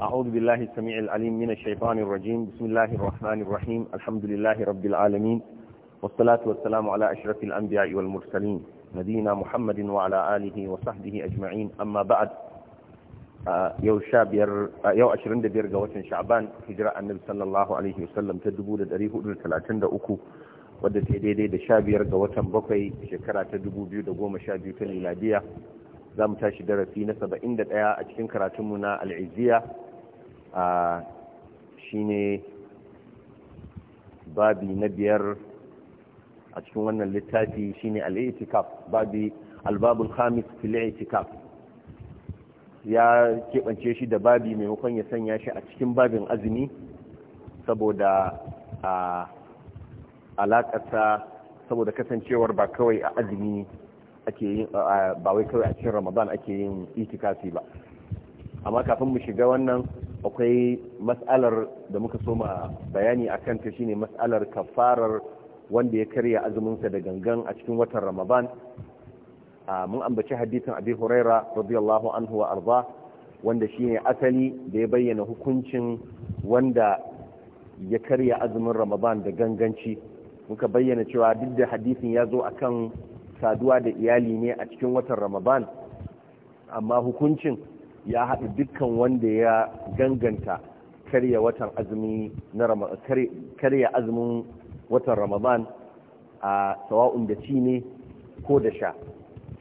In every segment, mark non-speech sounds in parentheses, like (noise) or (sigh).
أعوذ بالله السميع العليم من الشيطان الرجيم بسم الله الرحمن الرحيم الحمد لله رب العالمين والصلاة والسلام على أشرف الأنبياء والمرسلين نبينا محمد وعلى آله وصحبه أجمعين أما بعد yau sha biyar yau ashirin da biyar ga watan sha'ban hijira annabi sallallahu alaihi ta dubu da dari hudu da talatin da uku wadda ta daidai da sha biyar ga watan bakwai shekara ta dubu biyu da goma sha biyu ta za mu tashi darasi na saba'in da a cikin karatunmu na al'iziya a shine babi na biyar a cikin wannan littafi shine al-i'tikaf babi al-babul khamis fil ya keɓance shi da babi mai maimakon ya sanya shi a cikin babin azumi saboda a saboda kasancewar ba kawai a azumi ake yin ba kawai a cikin ramadan ake yin itikafi ba amma kafin mu shiga wannan akwai mas'alar da muka soma bayani a kanta shine mas'alar kafarar wanda ya karya azuminsa da gangan a cikin watan ramadan mun ambaci hadisin abi huraira radiyallahu anhu wa arda wanda shine asali da ya bayyana hukuncin wanda ya karya azumin ramadan da ganganci muka bayyana cewa duk da hadisin ya zo a kan saduwa da iyali ne a cikin watan ramadan amma hukuncin ya haɗu dukkan wanda ya ganganta karya watan azumi na karya azumin watan ramadan a sawa'un da ci ne ko da sha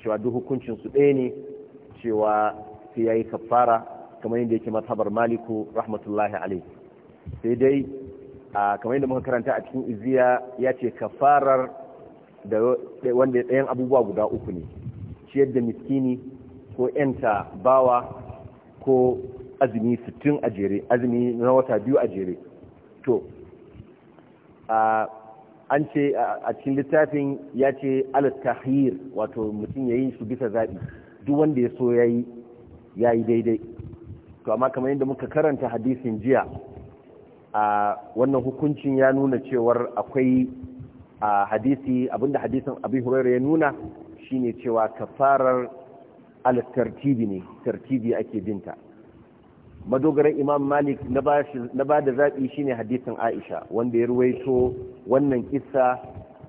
cewa duk hukuncin su ɗaya ne cewa sai yayi kafara kamar yadda yake mazhabar maliku rahmatullahi alaihi sai dai kamar yadda muka karanta a cikin iziya ya ce kafarar da wanda ɗayan abubuwa guda uku ne ciyar da miskini ko yanta bawa ko azumi sittin a jere azumi na wata biyu a jere to an ce a cikin littafin ya ce alattahir wato mutum ya yi su bisa zaɓi duk wanda ya so ya yi ya yi daidai to amma kamar yadda muka karanta hadisin jiya a wannan hukuncin ya nuna cewar akwai a hadisi abinda hadisin abin hurairu ya nuna shine cewa kafarar al-tartibi ne tartibi ake binta madogaran imam malik na ba da zaɓi shine hadisin aisha wanda ya ruwaito wannan kissa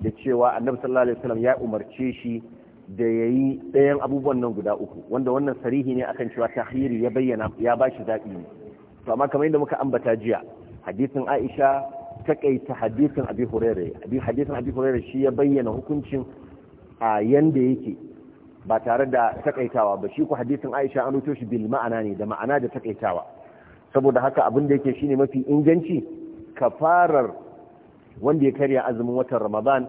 da cewa annabi sallallahu alaihi wasallam ya umarce shi da yayi ɗayan abubuwan nan guda uku wanda wannan sarihi ne akan cewa tahiri ya bayyana ya ba shi zaɓi ne to amma kamar yadda muka ambata jiya hadisin aisha takaita hadisin abi hurairah hadisin abi hurairah shi ya bayyana hukuncin a yanda yake ba tare da takaitawa ba shi ku hadisin Aisha an ruto shi bil ma'ana ne da ma'ana da takaitawa saboda haka abin da yake shine mafi inganci kafarar wanda ya karya azumin watan Ramadan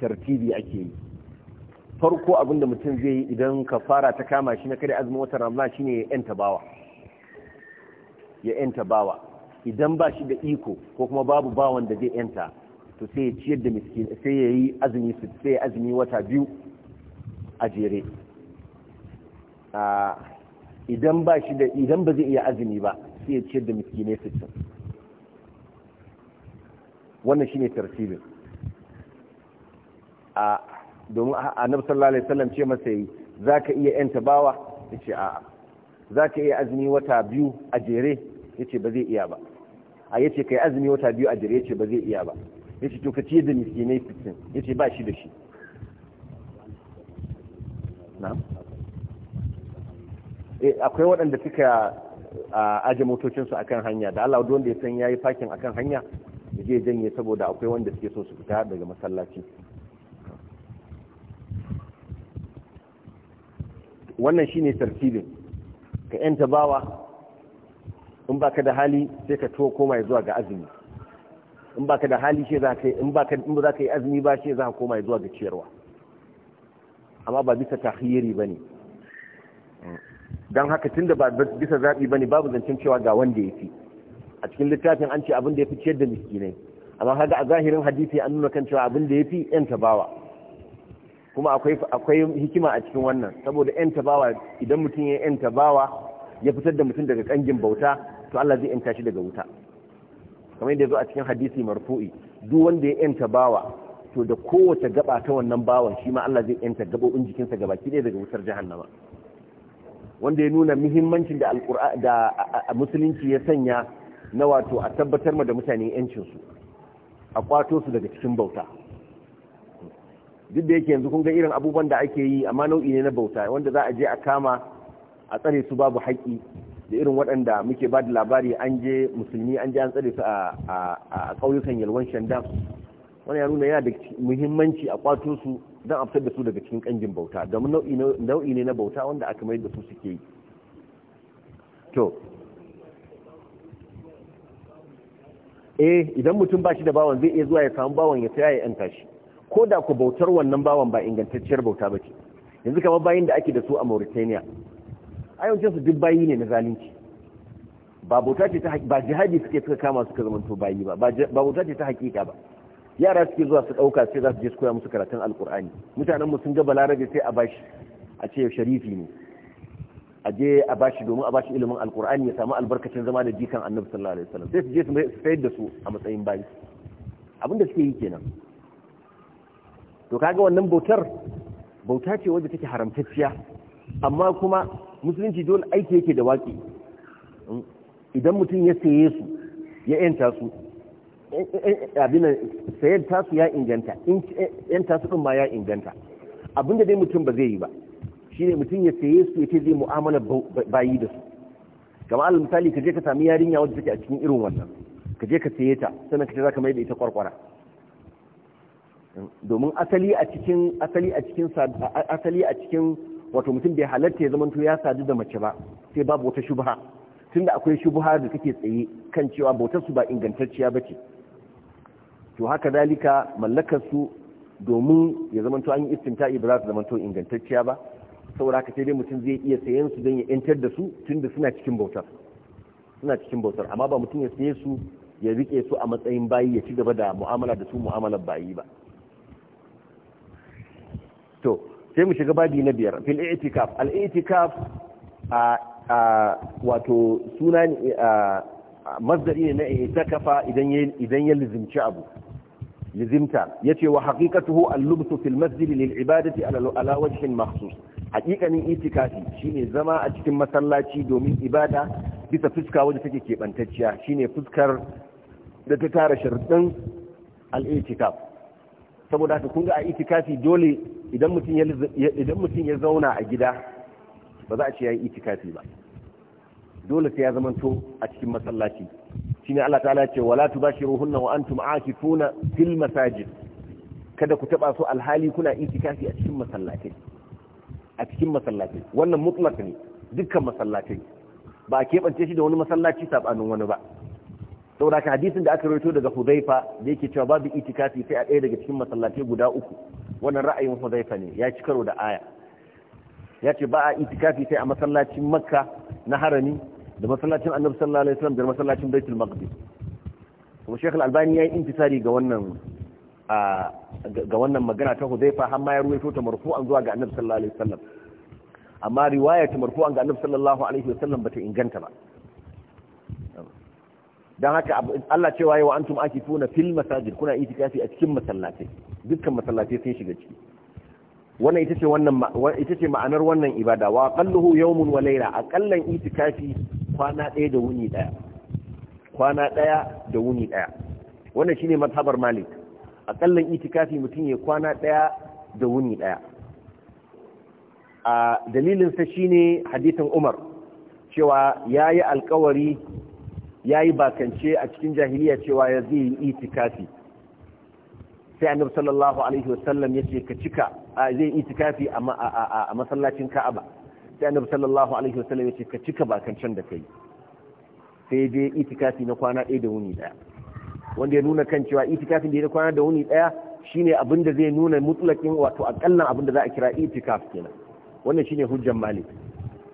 tartibi ake yi farko abin da mutum zai yi idan kafara ta kama shi na karya azumin watan Ramadan shine ya yanta bawa ya yanta bawa idan ba shi da iko ko kuma babu bawan da zai yanta to sai ya ciyar da miskin sai ya yi azumi sai azumi wata biyu a jere idan ba shi da idan ba zai iya azumi ba sai ya ce da miskinai sittin wannan shi ne tartibin a domin annabi sallallahu alaihi sallam ce masa yi za ka iya yanta bawa a a'a ka iya azumi wata biyu a jere yace ba zai iya ba a yace yi azumi wata biyu a jere yace ba zai iya ba yace to ka ce da miskinai ya yace ba shi da shi Eh, akwai waɗanda suka aje motocinsu a kan hanya da Allah wanda ya san ya yi fakin a kan hanya da zai janye saboda akwai wanda suke so su fita daga masallaci wannan shi ne tartibin ka yanta bawa in baka da hali sai ka to koma zuwa ga azumi in baka da hali shi za ka za yi azumi ba shi za ka koma zuwa ga ciyarwa amma ba bisa tahiri ba ne don haka tun da ba bisa zaɓi ba ne babu zancen cewa ga wanda ya fi a cikin littafin an ce abin da ya fi ciyar da miskinai amma haka a zahirin hadisi an nuna kan cewa abin da ya fi yan tabawa kuma akwai hikima a cikin wannan saboda yan tabawa idan mutum ya yan tabawa ya fitar da mutum daga kangin bauta to Allah zai yanta shi daga wuta kamar yadda ya zo a cikin hadisi marfu'i duk wanda ya yan tabawa to da kowace gaba ta wannan bawan shi ma Allah zai yanta gabobin jikinsa gabaki ne daga wutar jahannama wanda ya nuna muhimmancin da da musulunci ya sanya na wato a tabbatar ma da mutane yancin su a kwato su daga cikin bauta duk da yake yanzu kun ga irin abubuwan da ake yi amma nau'i ne na bauta wanda za a je a kama a tsare su babu haƙƙi da irin waɗanda muke ba da labari an je musulmi an je an tsare su a ƙauyukan yalwan shandam wani ya nuna yana da muhimmanci a kwato su don a da su daga cikin kangin bauta domin nau'i ne na bauta wanda aka mai da su suke yi to eh idan mutum ba shi da bawan zai iya zuwa ya samu bawan ya saya ya yanta shi ko da ku bautar wannan bawan ba ingantacciyar bauta ba ce yanzu kamar bayin da ake da su a mauritania ayyuncin su duk bayi ne na zalunci ba bauta ce ta ba jihadi suke suka kama suka zama to bayi ba ba bauta ce ta hakika ba yara suke zuwa su ɗauka sai za su je su koya musu karatun alkur'ani mutanenmu sun ga balarabe sai a bashi a ce sharifi ne a je a bashi domin a bashi ilimin alkur'ani ya samu albarkacin zama da jikan annabi sallallahu alaihi wasallam sai su je su sayar da su a matsayin bayi abinda suke yi kenan to kaga wannan bautar bauta ce wadda take haramtacciya amma kuma musulunci dole aiki yake da waƙi idan mutum ya saye su ya yanta su abinan sayar tasu ya inganta yan tasu ɗin ma ya inganta abinda dai mutum ba zai yi ba shi ne mutum ya saye su ya ce zai mu'amala bayi da su kama alal misali ka je ka sami yarinya wadda take a cikin irin wannan ka je ka saye ta sannan ka ce za ka mai da ita kwarkwara domin asali a cikin asali a cikin asali a cikin wato mutum bai halatta ya zamanto ya sadu da mace ba sai babu wata shubha tunda akwai shubha da take tsaye kan cewa bautar su ba ingantacciya ba ce. to haka zalika mallakar su domin ya zamanto an yi istimta'i ba za su zamanto ingantacciya ba saboda haka sai dai mutum zai iya sayen su don ya yantar da su da suna cikin bautar suna cikin bautar amma ba mutum ya saye su ya rike su a matsayin bayi ya ci gaba da mu'amala da su mu'amalar bayi ba to sai mu shiga babi na biyar fil i'tikaf al i'tikaf a wato suna ne masdari ne na i'tikafa idan idan ya lizimci abu lizimta ce wa haqiqatuhu al-lubthu fil masjid lil ibadati ala ala wajhin makhsus haqiqanin itikafi shine zama a cikin masallaci domin ibada bisa fuska wadda take kebantacciya shine fuskar da ta tara sharuɗin al-itikaf saboda haka kun ga a itikafi dole idan mutum ya idan mutum ya zauna a gida ba za a ce yayi itikafi ba dole sai ya zamanto a cikin masallaci shine Allah ta'ala ce wala tubashiruhunna wa antum aakifuna fil masajid kada ku taba su alhali kuna itikafi a cikin masallatai a cikin masallatai wannan mutlaq ne dukkan masallatai ba a keɓance shi da wani masallaci sabanin wani ba saboda ka hadisin da aka rawaito daga Hudhaifa da yake cewa babu itikafi sai a ɗaya daga cikin masallatai guda uku wannan ra'ayin Hudhaifa ne ya ci karo da aya ya ce ba a itikafi sai a masallacin Makka na harami da masallacin annabi sallallahu alaihi wasallam da masallacin baitul maqdis kuma Al- albani ya yi intisari ga wannan ga wannan magana ta hudayfa har ma ya ruwaito ta marfu'an zuwa ga annabi sallallahu alaihi wasallam amma riwaya ta marfu'an ga annabi sallallahu alaihi wasallam bata inganta ba dan haka Allah cewa yayi wa antum akifuna fil masajid kuna itikafi a cikin masallatai dukkan masallatai sun shiga ciki wannan ita ce wannan ita ce ma'anar wannan ibada wa qalluhu yawmun wa layla aqallan itikafi kwana ɗaya da wuni ɗaya kwana ɗaya da wuni ɗaya wannan shine mazhabar malik a kallon itikafi mutum ya kwana ɗaya da wuni ɗaya a dalilinsa shine hadisin umar cewa ya yi alkawari ya yi bakance a cikin jahiliya cewa ya zai yi itikafi sai annabi sallallahu alaihi wasallam ya ce ka cika zai itikafi a masallacin ka'aba sai annabi sallallahu alaihi wasallam ya ce ka cika can da kai sai je itikafi na kwana ɗaya da wuni ɗaya wanda ya nuna kan cewa itikafin da ya kwana da wuni ɗaya shine abin da zai nuna mutlakin wato akallan abin da za a kira itikaf kenan wannan shine hujjan malik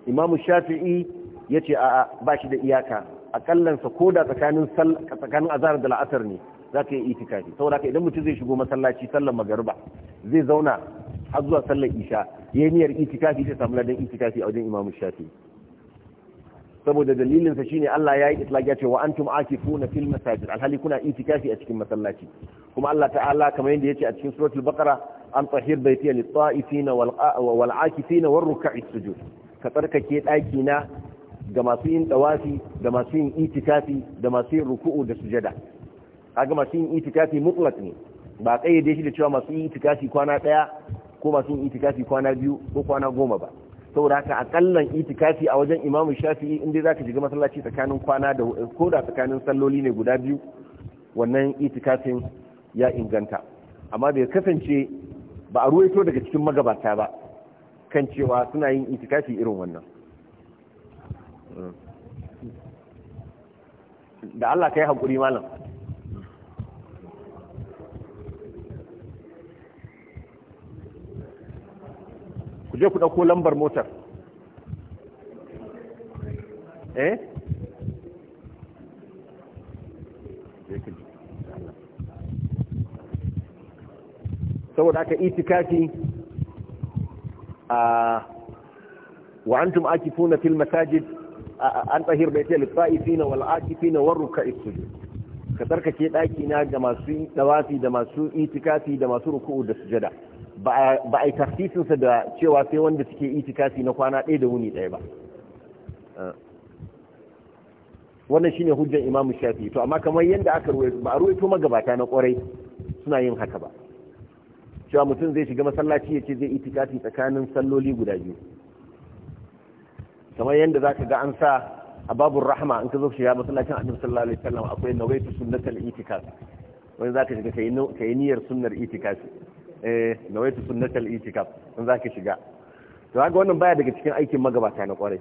imam shafi'i ya ce a'a ba shi da iyaka akallansa ko da tsakanin tsakanin azhar da la'asar ne za ka yi itikafi saboda haka idan mutum zai shigo masallaci sallar magariba zai zauna har zuwa sallar isha yayi niyyar itikafi ta samu ladan itikafi a wajen imamu shafi saboda dalilin sa shine Allah yayi islaki ya ce wa antum akifuna fil masajid alhali kuna itikafi a cikin masallaci kuma Allah ta'ala kamar yadda yace a cikin suratul baqara an tahir baitiya lit ta'ifina wal wal akifina war ruk'i sujud ka tsarkake daki na ga masu yin tawafi da masu yin itikafi da masu yin ruku'u da sujada kaga masu yin itikafi mutlaq ne ba kayyade shi da cewa masu yin itikafi kwana daya ko masu sun itikafi kwana biyu ko kwana goma ba saboda haka akallan itikafi a wajen imamu shafi'i inda za ka shiga masallaci tsakanin kwana da ko da tsakanin salloli ne guda biyu wannan itikafin ya inganta amma bai kasance ba a ruwaito daga cikin magabata ba kan cewa suna yin itikafi irin wannan da Allah ka yi haƙuri malam ku je ku ɗauko lambar motar eh saboda aka itikafi a wa antum funa fil masajid an tsahir bai ce lissa'ifina wal akifina war ruka'is sujud ka tsarkake daki na ga masu dawafi da masu itikafi da masu ruku'u da sujada ba a yi tafisinsa da cewa sai wanda suke iti kasi na kwana ɗaya da wuni ɗaya ba wannan shine hujjar imamu shafi to amma kamar yadda aka ruwaito ba a ruwaito magabata na kwarai suna yin haka ba cewa mutum zai shiga masallaci ya ce zai iti kasi tsakanin salloli guda biyu kamar yadda za ka ga an sa a babu rahama in ka zo shiga masallacin annabi sallallahu alaihi wasallam akwai nawaitu sunnatul itikaf wani za ka shiga ka yi niyyar sunnar itikafi eh nawaitu sunnatal itikaf in zaka shiga to kaga wannan baya daga cikin aikin magabata na kwarai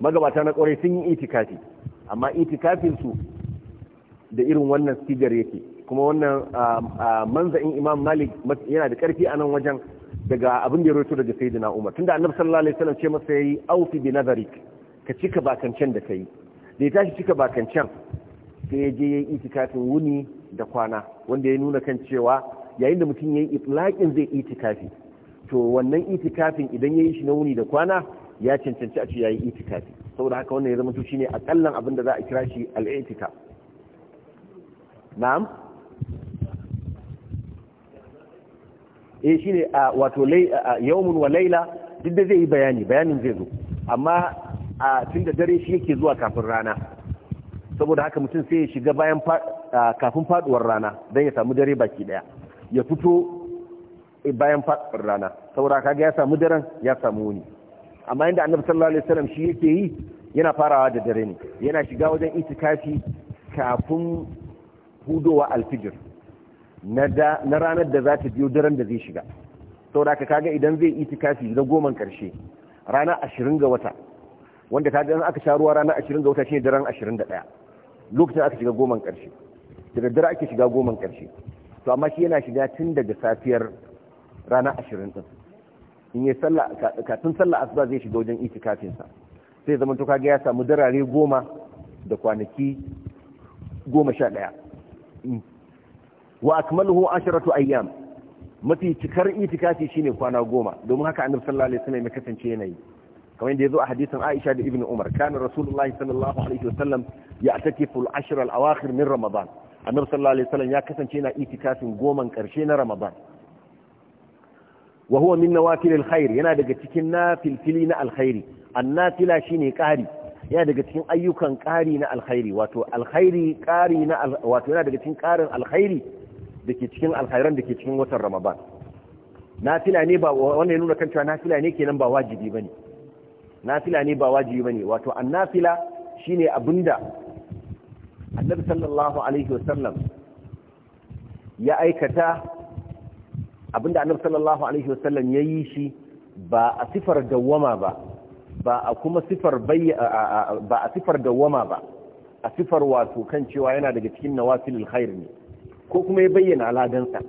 magabata na kwarai sun yi itikafi amma itikafin su da irin wannan sigar yake kuma wannan manza'in imam malik yana da karfi a nan wajen daga abin da ya roto daga sayyidina umar tunda annabi sallallahu alaihi wasallam ce masa yayi aufi bi nazarik ka cika bakancen da kai da ya tashi cika bakancen sai ya je yayi itikafin wuni da kwana wanda ya nuna kan cewa yayin da mutum ya yi itlaƙin zai itikafi to wannan itikafin idan yayi shi na wuni da kwana ya cancanci a ce yayi itikafi saboda haka wannan ya zama to ne akallan abin da za a kira shi al-i'tikaf na'am eh shine wato yawmun wa layla duk da zai yi bayani bayanin zai zo amma a tun da dare shi yake zuwa kafin rana saboda haka mutum sai ya shiga bayan kafin faduwar rana don ya samu dare baki daya ya fito bayan faɗin rana saura kaga ya samu daren ya samu wuni amma inda annabi sallallahu alaihi wasallam shi yake yi yana farawa da dare ne yana shiga wajen itikafi kafin hudowa alfijir na ranar da za ta biyo daren da zai shiga saura ka kaga idan zai itikafi na goman karshe ranar ashirin ga wata wanda ta ga aka sha ruwa ranar ashirin ga wata shine daren ashirin da ɗaya lokacin aka shiga goman karshe da daddare ake shiga goman karshe to amma shi yana shiga tun daga safiyar rana ashirin ɗin in yi sallah kafin sallah asuba zai shiga wajen kafinsa, sai zama to kaga ya samu darare goma da kwanaki goma sha ɗaya wa akmaluhu asharatu ayyam mafi cikar itikafi shine kwana goma domin haka annabi sallallahu alaihi wasallam ya kasance yanayi kamar yadda yazo a hadisin Aisha da Ibn Umar kana Rasulullah sallallahu alaihi wasallam ya al-ashr al-awakhir min Ramadan annabi sallallahu alaihi wasallam ya kasance yana itikafin goman karshe na ramadan wa huwa min nawafil alkhair yana daga cikin nafilfili na alkhairi annafila shine qari yana daga cikin ayyukan qari na alkhairi wato alkhairi qari na wato yana daga cikin qarin alkhairi dake cikin alkhairan dake cikin watan ramadan nafila ne ba wannan nuna kan cewa nafila ne kenan ba wajibi bane nafila ne ba wajibi bane wato annafila shine abinda annabi sallallahu alaihi wasallam ya aikata abinda annabi sallallahu alaihi wasallam ya shi ba a sifar dawama ba ba a kuma sifar ba a sifar dawwama ba a sifar wato kan cewa yana daga cikin nawafilul khair ne ko kuma ya bayyana aladansa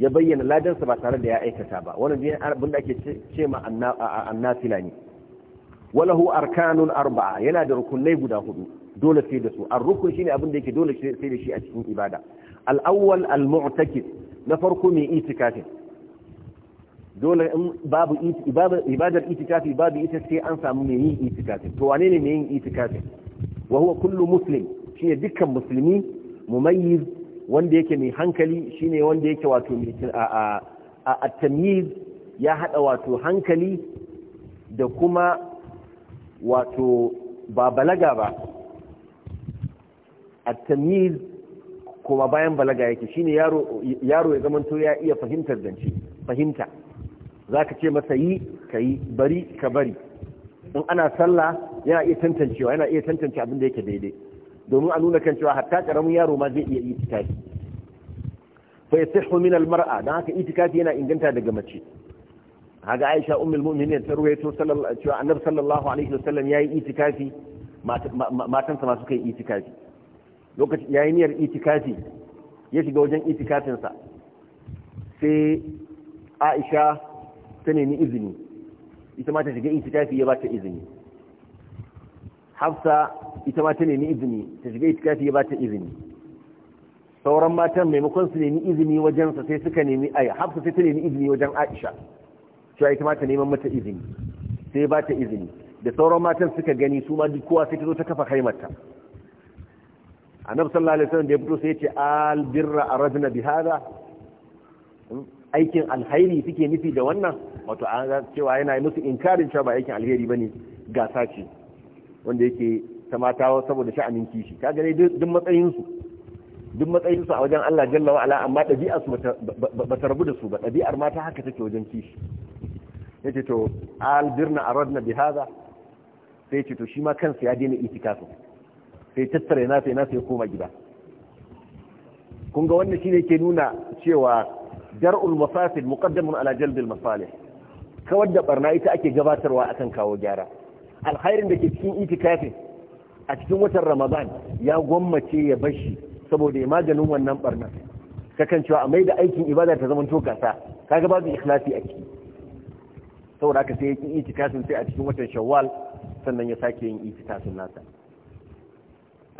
ya bayyana ladansa ba tare da ya aikata ba wannan ne abinda ake ce ma annafila ne walahu arkanun arba'a yana da rukunai guda hudu dole sai da su ar-rukun shine abin da yake dole sai da shi a cikin ibada al al-mu'takif na farko mai itikafin dole babu ibadar itikafi babu ita sai an samu mai yin itikafin to wane ne mai yin itikafin wa huwa kullu muslim ne dukkan musulmi mumayyiz wanda yake mai hankali ne wanda yake wato a at ya hada wato hankali da kuma wato ba balaga ba at-tamyiz kuma bayan balaga yake shine yaro yaro ya zamanto ya iya fahimtar dance fahimta zaka ce masa yi kai bari ka bari in ana sallah yana iya tantancewa yana iya tantance abin da yake daidai domin a nuna kan cewa hatta karamin yaro ma zai iya itikafi fa yasihu min al-mar'a dan haka itikafi yana inganta daga mace haga Aisha ummul mu'minin ta ruwaito sallallahu alaihi wa annabi sallallahu alaihi yayi itikafi matansa ma suka yi itikafi lokacin yayin niyyar itikafi ya shiga wajen itikafinsa sai aisha ta nemi izini ita ma ta shiga itikafi ya ba ta izini hafsa ita ma ta nemi izini ta shiga itikafi ya ba ta izini sauran matan maimakon su nemi izini wajensa sai suka nemi ai hafsa sai ta nemi izini wajen aisha cewa ita ma ta neman mata izini sai ba ta izini da sauran matan suka gani su ma duk kowa sai ta zo ta kafa kaimarta annabi sallallahu alaihi wasallam da ya fito sai ya ce al birra aradna bi hada hmm? aikin alheri suke nufi da wannan wato an ga cewa yana musu inkarin cewa ba aikin alheri bane gasa ce wanda yake ta mata saboda sha'anin kishi kaga dai duk matsayin su duk matsayin su a wajen Allah jalla wa ala amma dabi'ar su ba ta rabu da su ba dabi'ar mata haka take wajen kishi yace to al birna aradna bi hada sai ce to shi ma kansa ya daina itikafin sai tattare na sai na sai koma gida kun ga wannan shine ke nuna cewa dar'ul mafasid muqaddamun ala jalbil masalih kawar da barna ita ake gabatarwa akan kawo gyara alkhairin da ke cikin itikafi a cikin watan ramadan ya gwammace ya bashi saboda ya maganin wannan barna kakan cewa a mai da aikin ibada ta zama ka ka babu ikhlasi a ciki saboda haka sai ya itikafin sai a cikin watan shawwal sannan ya sake yin itikafin nasa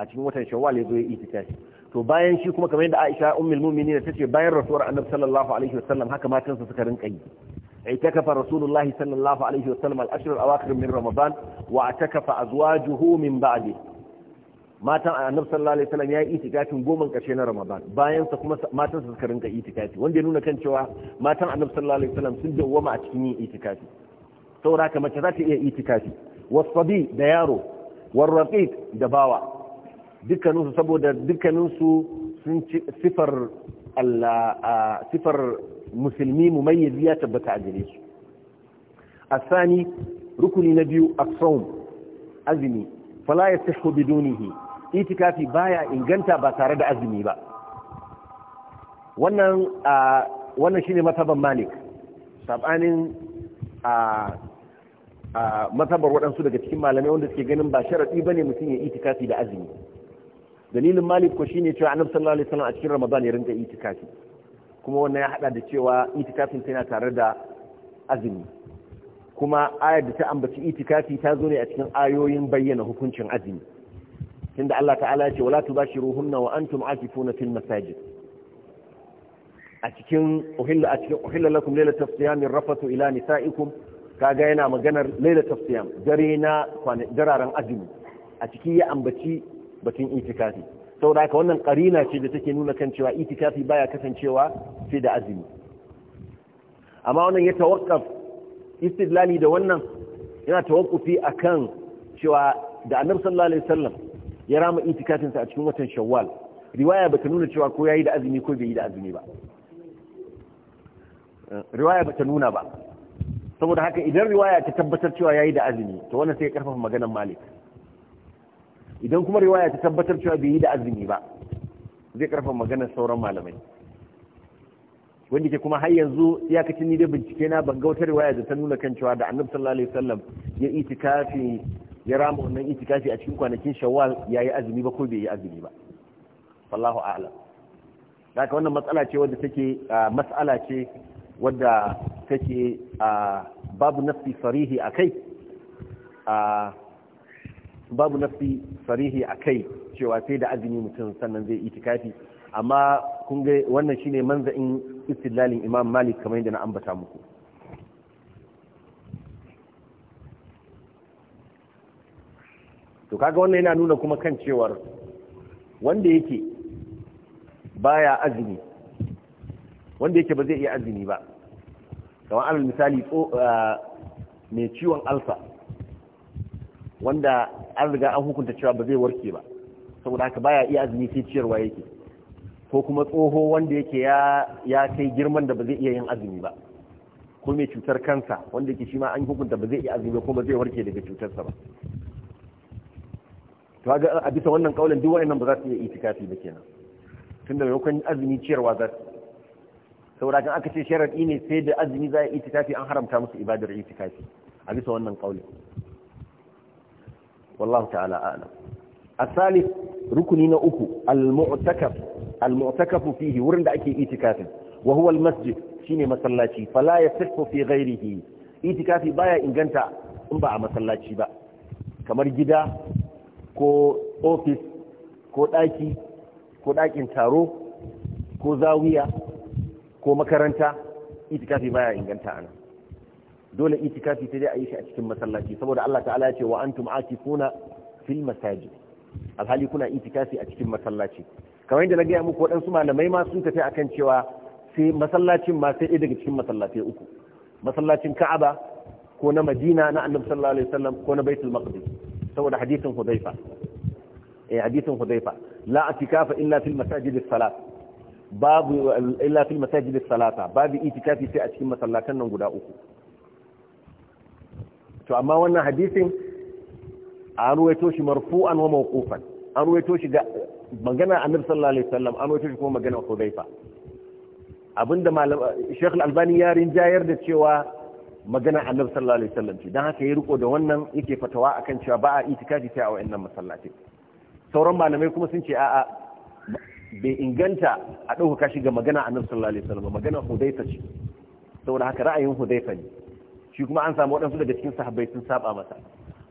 a cikin watan shawwal ya zo ya ita itikafi to bayan shi kuma kamar yadda Aisha ummul mu'minin ta ce bayan rasuwar annabi sallallahu alaihi wasallam haka matansa suka rinka yi اعتكف رسول الله صلى الله عليه وسلم الأشهر min من Wa واعتكف أزواجه من بعده ما تن النبي صلى الله ya yi يا اعتكاف غومن كشين رمضان bayan sa kuma matan su suka rinka itikafi wanda ya nuna kan cewa matan annabi sallallahu alaihi wasallam sun dawwama a cikin yin itikafi saboda haka mace za ta iya itikafi wasabi da yaro warraqiq da bawa dukkaninsu saboda dukkaninsu sun ci sifar sifar musulmi mu yanzu ya tabbata a gare su Sani, rukuni na biyu a tsawon azumi fala yasihu bidunihi itikafi baya inganta ba tare da azumi ba wannan wannan shine mataban malik sabanin a matabar waɗansu daga cikin malamai wanda suke ganin ba sharaɗi ba ne mutum ya itikafi da azumi dalilin malik ko shine cewa annabi sallallahu alaihi wasallam a cikin ramadan ya rinka itikafi kuma wannan ya hada da cewa itikafin yana tare da azumi kuma ayar da ta ambaci itikafi ta zo ne a cikin ayoyin bayyana hukuncin azumi tunda Allah ta'ala ya ce wala tubashiruhunna wa antum aqifuna fil masajid a cikin uhilla a cikin uhilla lakum lailatul siyam rafatu ila nisaikum kaga yana maganar lailatul siyam dare na dararen azumi a ciki ya ambaci batun itikafi saboda haka wannan karina ce da take nuna kan cewa itikafi baya kasancewa sai da azumi amma wannan ya tawakkaf istidlali da wannan yana tawakkufi akan cewa da annabi sallallahu alaihi wasallam ya rama itikafin sa a cikin watan shawwal riwaya bata nuna cewa ko yayi da azumi ko bai yi da azumi ba riwaya bata nuna ba saboda haka idan riwaya ta tabbatar cewa yayi da azumi to wannan sai ya karfafa maganar malik idan kuma riwaya ta tabbatar cewa bai yi da azumi ba zai karfa maganar sauran malamai wanda ke kuma har yanzu iyakacin ni da bincike na ban wata riwaya da ta nuna kan cewa da annabi sallallahu alaihi wasallam ya itikafi ya rama wannan itikafi a cikin kwanakin shawwal yayi azumi ba ko bai yi azumi ba wallahu a'lam haka wannan matsala ce wadda take mas'ala ce wadda take babu nafsi sarihi akai a babu nafi sarihi a kai cewa sai da azumi mutum sannan zai itikafi amma kun ga wannan shine manza'in istidlalin imam malik kamar yadda na ambata muku to kaga wannan yana nuna kuma kan cewar wanda yake baya azumi wanda yake ba zai iya azumi ba kamar alal misali ah, mai ciwon alfa wanda an riga an hukunta cewa ba zai warke ba saboda haka baya iya azumi sai ciyarwa yake ko kuma tsoho wanda yake ya ya kai girman da ba zai iya yin azumi ba ko mai cutar kansa wanda yake shi ma an hukunta ba zai iya azumi ko ba zai warke daga cutarsa ba to ga a bisa wannan kaulan duk wayannan ba za su iya itikafi ba kenan tunda maimakon azumi ciyarwa za su saboda kan aka ce sharadi ne sai da azumi za a itikafi an haramta musu ibadar itikafi a bisa wannan kaulan wallahu ta'ala a'lam asalif rukuni na uku al-mu'takaf al wurin da ake itikafin wa huwa al-masjid shine masallaci fala ya yasihu fi ghairihi itikafi baya inganta in ba a masallaci ba kamar gida ko ofis ko ɗaki ko ɗakin taro ko zawiya ko makaranta itikafi baya inganta anan dole itikafi sai dai a yi shi a cikin masallaci saboda Allah ta'ala ya ce wa antum akifuna fil masajid alhali kuna itikafi a cikin masallaci kamar yadda na gaya muku waɗansu malamai ma sun tafi akan cewa sai masallacin ma sai ɗaya daga cikin masallatai uku masallacin Ka'aba ko na Madina na Annabi sallallahu alaihi wasallam ko na Baitul Maqdis saboda hadisin Hudhaifa eh hadisin Hudhaifa la atikafa illa fil masajid as-salat babu illa fil masajid as-salata babu itikafi sai a cikin masallatan nan guda uku to amma wannan hadisin an ruwaito shi marfu'an wa mawqufan an ruwaito shi ga magana annabi sallallahu alaihi wasallam an ruwaito shi kuma magana Hudayfa abinda malam Sheikh Al-Albani ya rinjayar da cewa magana annabi sallallahu alaihi wasallam ce dan haka ya riko da wannan yake fatawa akan cewa ba a itikafi ta a wayannan masallaci sauran malamai kuma sun ce a'a bai inganta a ɗauka kashi ga magana annabi sallallahu alaihi wasallam magana Hudayfa ce saboda haka ra'ayin Hudayfa ne shi kuma an samu waɗansu daga cikin sahabbai sun saba masa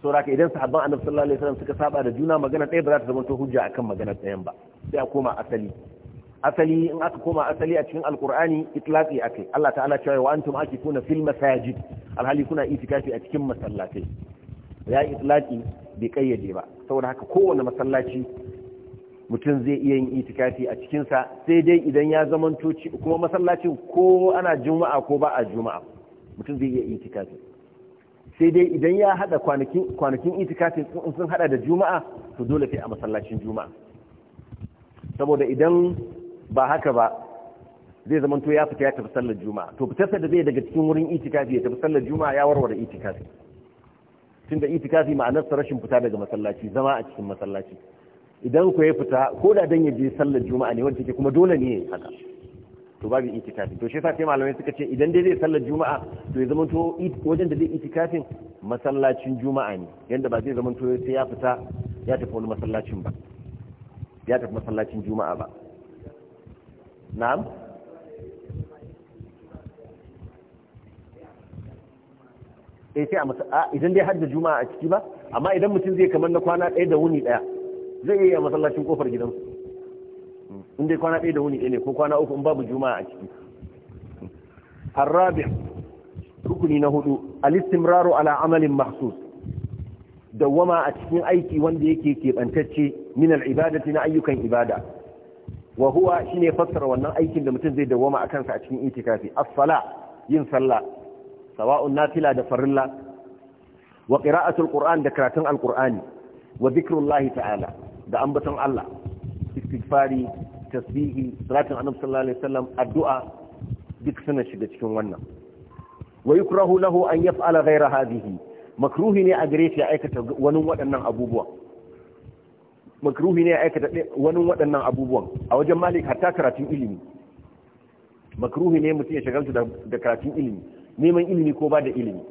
sauraka idan sahabban annabi sallallahu alaihi wasallam suka saba da juna magana ɗaya ba za ta zama to hujja akan magana ɗayan ba sai a koma asali asali in aka koma asali a cikin alqur'ani itlaqi akai Allah ta'ala cewa wa antum akifuna fil masajid alhali kuna itikafi a cikin masallatai ya itlaqi bai kayyade ba saboda haka kowane masallaci mutum zai iya yin itikafi a cikinsa sai dai idan ya zamanto kuma masallacin ko ana juma'a ko ba a juma'a mutum zai iya itikafi sai dai idan ya hada kwanakin itikafi sun hada da juma'a to dole sai a masallacin juma'a saboda idan ba haka ba zai zama to ya fita ya tafi sallar juma'a to fitarsa da zai daga cikin wurin itikafi ya tafi sallar juma'a ya warware itikafi da itikafi ma'anarsa rashin fita daga masallaci zama a cikin masallaci idan ku ya fita ko da dan ya je sallar juma'a ne wanda take kuma dole ne haka to babu itikafi to shi yasa sai malamai suka ce idan dai zai sallar juma'a to ya zama to wajen da zai itikafin masallacin juma'a ne yanda ba zai zama to sai ya fita ya tafi wani masallacin ba ya tafi masallacin juma'a ba na'am eh sai a idan dai hadda juma'a a ciki ba amma idan mutum zai kamar na kwana ɗaya da wuni ɗaya zai iya masallacin kofar gidansu in dai kwana ɗaya da wuni ne ko kwana uku in babu juma'a a ciki arabi rukuni na hudu alistimraru ala amalin mahsus dawwama a cikin aiki wanda yake keɓantacce min al'ibadati na ayyukan ibada wa huwa shine fassara wannan aikin da mutum zai dawwama a kansa a cikin itikafi as-sala yin sallah sawa'un nafila da farilla wa qira'atul qur'an da karatun al-qur'ani wa dhikrullahi ta'ala da ambaton Allah istighfari tasbihi salatin annabi sallallahu alaihi wasallam addu'a duk suna shiga cikin wannan wa yukrahu lahu an yaf'ala ghayra hadhihi makruhi ne a gare shi aikata wani waɗannan abubuwa makruhi ne aikata wani waɗannan abubuwan a wajen malik hatta karatun ilimi makruhi ne mutum ya shagaltu da karatun ilimi neman ilimi ko ba da ilimi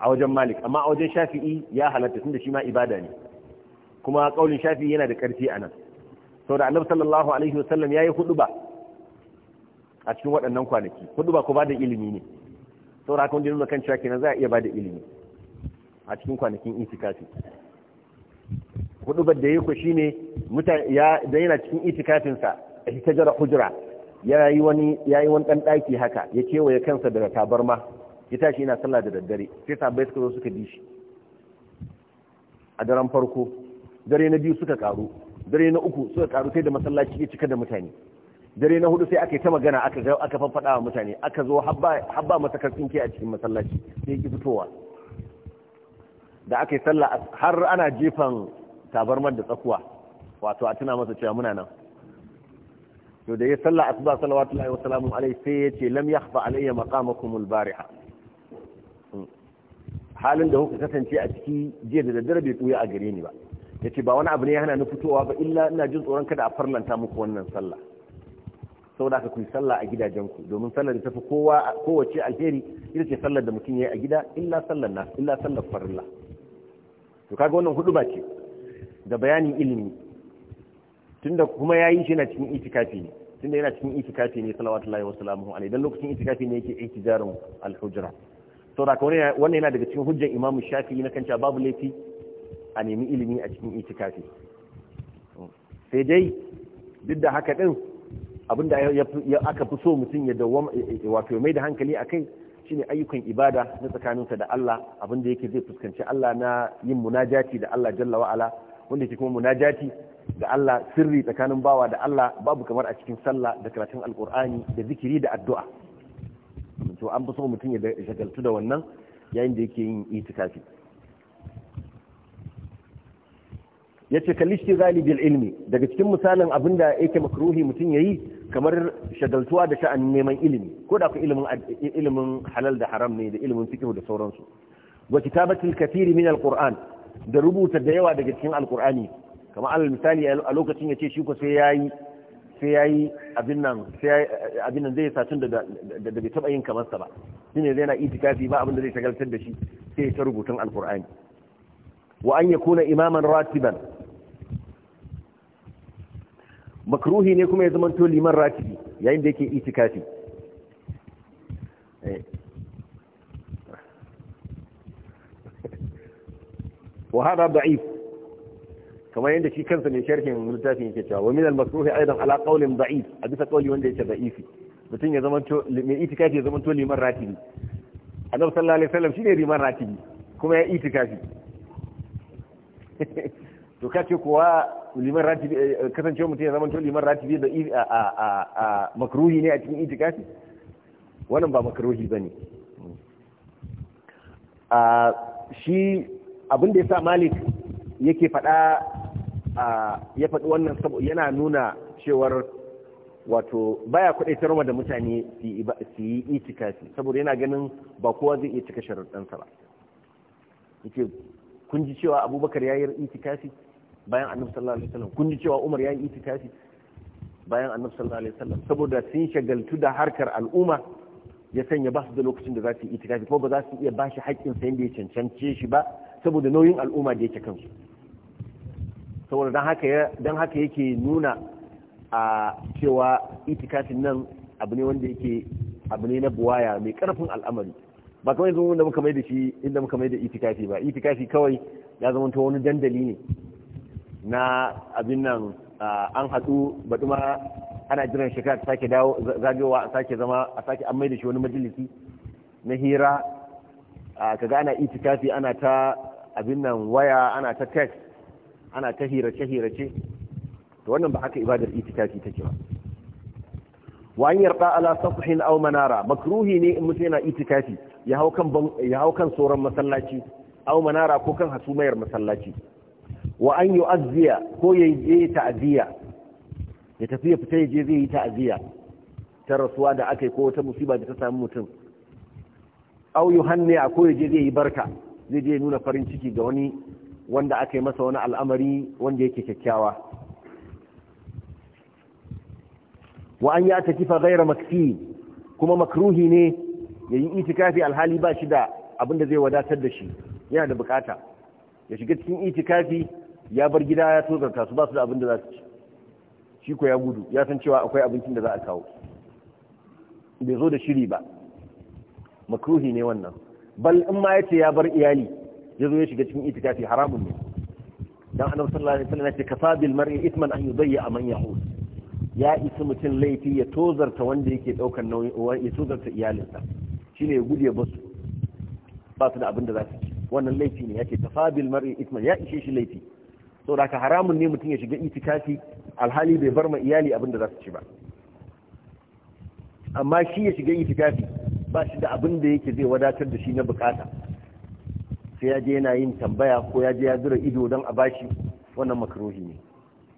a wajen malik amma a wajen shafi'i ya halatta tunda shi ma ibada ne kuma kaulin shafi'i yana da ƙarfi a nan da annabi sallallahu alaihi wasallam yayi huduba a cikin waɗannan kwanaki huduba ko bada ilimi ne saboda da wanda dinu kan cewa kenan za a iya bada ilimi a cikin kwanakin itikafi hudubar da yake ne, mutane ya da yana cikin itikafin sa hitajara hujra yayi wani yayi wani dan daki haka ya kewaye kansa daga tabarma ya tashi yana sallah da daddare sai sabai suka zo suka bi shi a daren farko dare na biyu suka karu dare na uku suka karu sai da masallaci ya cika da mutane dare na hudu sai aka yi ta magana aka ga aka faffaɗa wa mutane aka zo habba masakar tsinke a cikin masallaci sai ki fitowa da aka yi sallah har ana jefan tabarmar da tsakuwa wato a tuna masa cewa muna nan to da ya sallah asuba sallallahu alaihi sallam alai sai ya ce lam yakhfa alayya maqamakumul bariha hmm. halin da kuka kasance a ciki jiya da daddare bai kuya a gare ni ba ya ce ba wani abu ne ya hana ni fitowa ba illa ina jin tsoron kada a farlanta muku wannan sallah sau da aka yi sallah a gidajenku domin sallar da tafi kowace alheri ita ce sallar da mutum ya yi a gida illa sallar na illa sallar farilla to kaga wannan hudu ba ce da bayanin ilimi tunda kuma ya yi shi yana cikin itikafi ne tunda yana cikin itikafi ne salawatullahi wa salamuhu alaihi dan lokacin itikafi ne yake ihtijarun al-hujra saboda haka wannan yana daga cikin hujjar Imam Shafi'i na kanta babu laifi a nemi ilimi a cikin itikafi sai dai duk da haka din abinda aka fi so mutum ya wato mai da hankali a kai shine ayyukan ibada na tsakaninsa da Allah abinda yake zai fuskanci Allah na yin munajati da Allah jalla wa'ala wanda yake kuma munajati da Allah sirri tsakanin bawa da Allah babu kamar a cikin sallah da karatun alkur'ani da zikiri da addu'a to an fi so mutum ya shagaltu da wannan yayin da yake yin itikafi ya ce yace shi zalibil ilmi daga cikin misalin abin da yake makruhi mutum ya yi kamar shagaltuwa da sha'anin neman ilimi ko da ku ilimin ilimin halal da haram ne da ilimin fiqh da sauransu wa kitabatul kathiri min alquran da rubuta da yawa daga cikin alqurani kamar alal misali a lokacin yace shi ko sai yayi sai yayi abin nan sai abin nan zai satun da daga bai taba yin kamar sa ba shine zai na itikafi ba abin da zai shagaltar da shi sai ya ta rubutun alqurani wa an yakuna imaman ratiban makruhi ne kuma ya zama to liman ratibi yayin da yake itikafi eh. (laughs) wa hada da'if kamar yadda shi kansa ne sharhin littafin yake cewa wa min al-makruhi aidan ala qawlin da'if a bisa qawli wanda yake da'ifi mutum ya zama to mai itikafi ya zama to liman ratibi annabi sallallahu alaihi wasallam shine liman ratibi kuma ya itikafi (laughs) to kace kuwa liman ratibi eh, eh, kasance mutum ya zamanto liman ratibi da makruhi ne a cikin itikafi wannan ba makruhi bane a shi abin da yasa malik yake faɗa ya faɗi wannan yana nuna cewar wato baya roma da mutane su yi itikafi saboda yana ganin ba kowa zai iya cika sharuɗansa ba yake kun ji cewa abubakar ya yi itikafi bayan annabi sallallahu alaihi wasallam kun ji cewa Umar ya yi itikafi bayan annabi sallallahu alaihi wasallam saboda sun shagaltu da harkar al'umma ya sanya ba su da lokacin da za su yi itikafi ko ba za su iya bashi haƙƙin sa yadda ya cancance shi ba saboda nauyin al'umma da yake kansu saboda dan haka dan haka yake nuna a cewa itikafin nan abu ne wanda yake abu ne na buwaya mai karfin al'amari ba kamar yanzu inda muka mai shi inda muka mai da itikafi ba itikafi kawai ya zama wani dandali ne na abin nan an hadu ba ma ana jiran shekara ta sake dawo zagewa a sake zama a sake an mai da shi wani majalisi na hira kaga ana itikafi ana ta abin nan waya ana ta text ana ta hirace hirace to wannan ba haka ibadar itikafi take ba wa an yarda ala sathhin aw manara makruhi ne in mutum yana itikafi ya hau kan ya hau kan soran masallaci aw manara ko kan hasumayar masallaci wa an yu'azziya ko ya je ya tafi ya fita ya je zai yi ta'ziya ta rasuwa da aka yi ko wata musiba da ta samu mutum au a ko ya je zai yi barka zai je nuna farin ciki ga wani wanda aka yi masa wani al'amari wanda yake kyakkyawa wa an yi a takifa gaira makfi kuma makruhi ne ya yi itikafi alhali ba shi da abin da zai wadatar da shi yana da bukata ya shiga cikin itikafi ya bar gida ya tozarta su ba su da abin da za su ci shi ko ya gudu ya san cewa akwai abincin da za a kawo bai zo da shiri ba makruhi ne wannan bal in ma yace ya bar iyali ya zo ya shiga cikin itikafi haramun ne dan annabi sallallahu alaihi wasallam yace kafa bil mar'i ithman an yudayya man yahud ya isa mutum laifi ya tozarta wanda yake daukar nauyin ya tozarta iyalinsa shine ya gudu ya basu ba su da abin da za su ci wannan laifi ne yake kasabil mar'i ithman ya ishe shi laifi saboda ka haramun ne mutum ya shiga itikafi alhali bai bar ma iyali abin da za su ci ba amma shi ya shiga itikafi ba shi da abin da yake zai wadatar da shi na bukata sai ya je yana yin tambaya ko ya je ya zura ido don a bashi wannan makarohi ne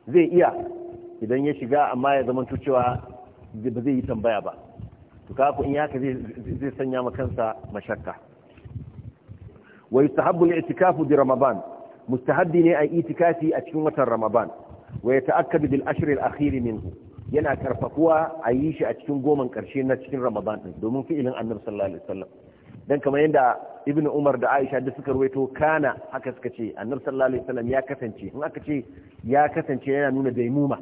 zai iya idan ya shiga amma ya zama cewa ba zai yi tambaya ba to ku in yaka zai sanya ma kansa mashakka wa yustahabbu al-i'tikafu bi ramadan mustahabbi ne a itikafi a cikin watan ramadan wa ya ta'akkadu bil ashr al akhir minhu yana karfafuwa a yi shi a cikin goman karshe na cikin ramadan din domin fi'ilin annabi sallallahu alaihi wasallam dan kamar yadda ibn umar da aisha da suka ruwaito kana haka suka ce annabi sallallahu alaihi wasallam ya kasance in aka ce ya kasance yana nuna daimuma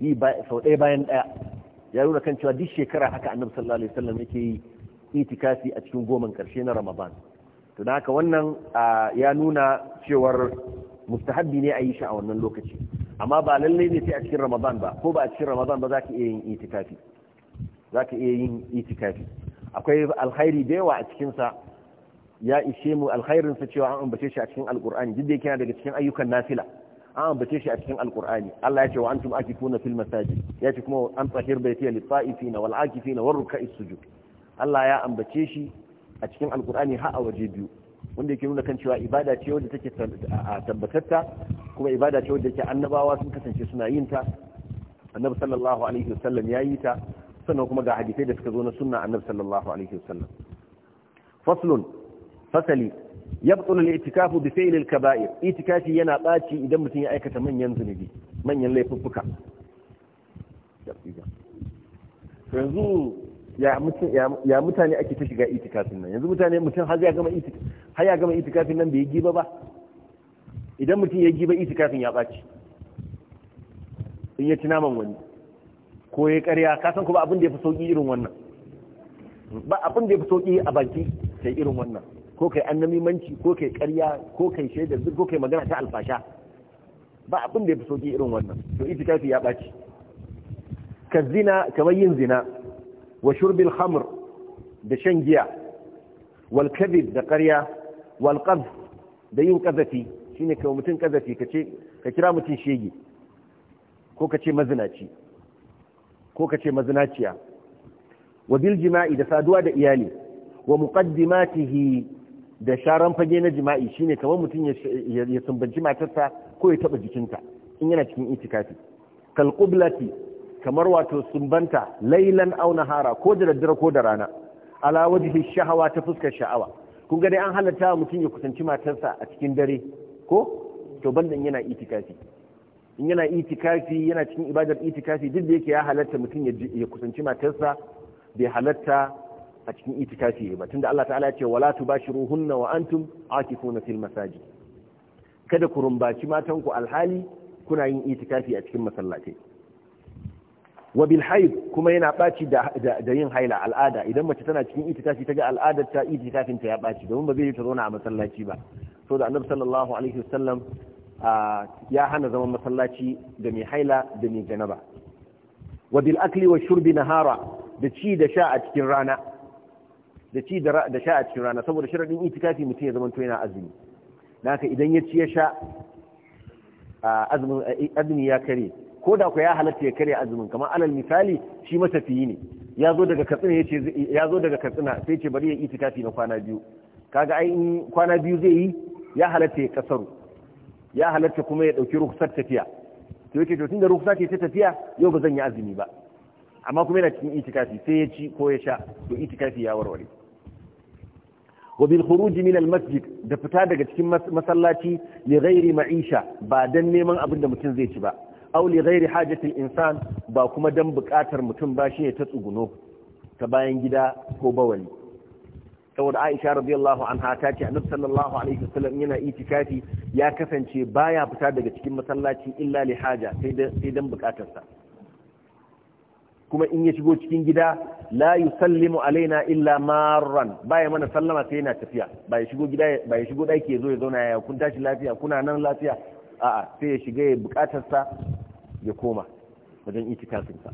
yi sau ɗaya bayan ɗaya ya nuna kan cewa duk shekara haka annabi sallallahu alaihi wasallam yake yi itikafi a cikin goman karshe na ramadan to da haka wannan ya nuna cewar mustahabbi ne a yi shi a wannan lokaci amma ba lallai ne sai a cikin ramadan ba ko ba a cikin ramadan ba za ka iya yin itikafi za ka iya yin itikafi akwai alkhairi da yawa a cikinsa ya ishe mu alkhairinsa cewa an ambace shi a cikin alkur'ani duk da yake yana daga cikin ayyukan nafila an ambace shi a cikin alkur'ani Allah ya ce wa antum akifuna fil masajid ya ce kuma an tsahir baitiya lit ta'ifina wal akifina war ruka'is sujud Allah ya ambace shi a cikin alkur'ani har a waje biyu wanda yake nuna kan cewa ibada ce wadda take tabbatatta kuma ibada ce wadda yake annabawa sun kasance suna yin ta annabi sallallahu alaihi wasallam ya yi ta sannan kuma ga hadisai da suka zo na sunna annabi sallallahu alaihi wasallam faslun fasali yabtul al-i'tikaf bi fi'l al-kaba'ir itikafi yana baci idan mutum ya aikata manyan zunubi manyan laifuffuka yanzu ya mutane ake ta shiga itikafin nan yanzu mutane mutum har ya gama itikafin har ya gama itikafin nan bai yi giba ba idan mutum ya giba itikafin ya ɓaci in ya ci naman wani ko ya karya ka san kuma abin da ya fi sauƙi irin wannan ba abin da ya fi sauƙi a baki sai irin wannan ko kai annamimanci ko kai karya ko kai shaidar ko kai magana ta alfasha ba abin da ya fi sauƙi irin wannan to itikafi ya ɓaci ka zina kamar yin zina wa shurbil khamr da shan giya wal kadhib da ƙarya wal da yin kazafi shine kai mutum kazafi kace ka kira mutum shege ko kace mazinaci ko kace mazinaciya wa bil jima'i da saduwa da iyali wa muqaddimatihi da sharan fage na jima'i shine kamar mutum ya sumbanci matarsa ko ya taɓa jikinta in yana cikin itikafi kal qiblati kamar wato sumbanta lailan au nahara ko da daddare ko da rana ala wajhi shahawa ta fuskar sha'awa kun ga dai an halatta mutum ya kusanci matarsa a cikin dare ko to bandan yana itikafi in yana itikafi yana cikin ibadar itikafi duk da yake ya halatta mutum ya kusanci matarsa bai halatta a cikin itikafi ba tunda Allah ta'ala ya ce wala tubashiruhunna wa antum akifuna fil masajid kada ku rumbaci matanku alhali kuna yin itikafi a cikin masallatai wa bil haid kuma yana baci da da yin haila al'ada idan mace tana cikin itikafi ta ga al'adar ta itikafin ta ya baci domin ba zai ta zauna a masallaci ba so da annabi sallallahu alaihi wasallam ya hana zaman masallaci da mai haila da mai janaba wa bil akli wa shurbi nahara da ci da sha a cikin rana da ci da sha a cikin rana saboda sharadin itikafi mutum ya zama to yana azumi naka idan ya ci ya sha azumi ya kare ko da ku ya halatta ya karya azumin kamar alal misali shi matafiyi ne ya zo daga katsina ya ce ya zo daga katsina sai ce bari ya yi tikafi na kwana biyu kaga ai in kwana biyu zai yi ya halatta ya kasaru ya halatta kuma ya dauki rukhsar tafiya to yake to tunda rukhsa ce ta tafiya yau ba zan yi azumi ba amma kuma yana cikin itikafi sai ya ci ko ya sha to itikafi ya warware wa bil khuruj min al masjid da fita daga cikin masallaci li ghairi ma'isha ba dan neman abin da mutum zai ci ba aw li ghairi hajatil insan ba kuma dan bukatar mutum ba shi ne ta tsuguno ta bayan gida ko bawali saboda Aisha radiyallahu anha ta ce Annabi sallallahu alaihi wasallam yana itikafi ya kasance baya fita daga cikin masallaci illa li haja sai dan sai kuma in ya shigo cikin gida la yusallimu alaina illa marran baya mana sallama sai yana tafiya ba ya shigo gida ba ya shigo daki ya zo ya zauna ya kun tashi lafiya kuna nan lafiya a'a sai ya shiga ya bukatarsa ya koma wajen itikafinsa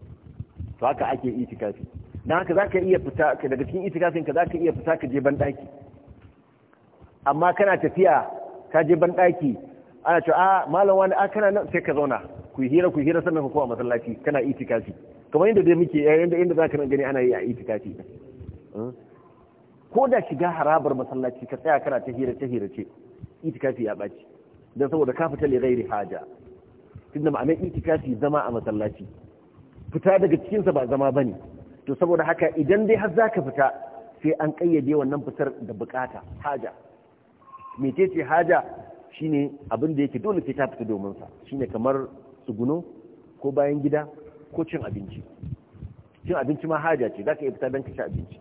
to haka ake itikafi dan haka zaka iya fita daga cikin itikafin ka zaka iya fita ka je ban daki amma kana tafiya ka je ban daki ana cewa a ah, malam wani a ah, kana nan sai ka zauna ku hira ku hira sannan ku kowa masallaci kana itikafi kamar yadda dai muke eh, yanda inda zaka nan gani ana yi a itikafi hmm? ko da shiga harabar masallaci ka tsaya kana ta hira ta hira ce itikafi ya baci dan saboda ka fita li ghairi haja tunda ma'anar itikafi zama a masallaci fita daga cikinsa ba zama bane to saboda haka idan dai har zaka fita sai an kayyade wannan fitar da bukata haja ce haja shine abin da yake dole sai ta fita domin sa shine kamar tsuguno ko bayan gida ko cin abinci cin abinci ma haja ce zaka iya fita dan ka ci abinci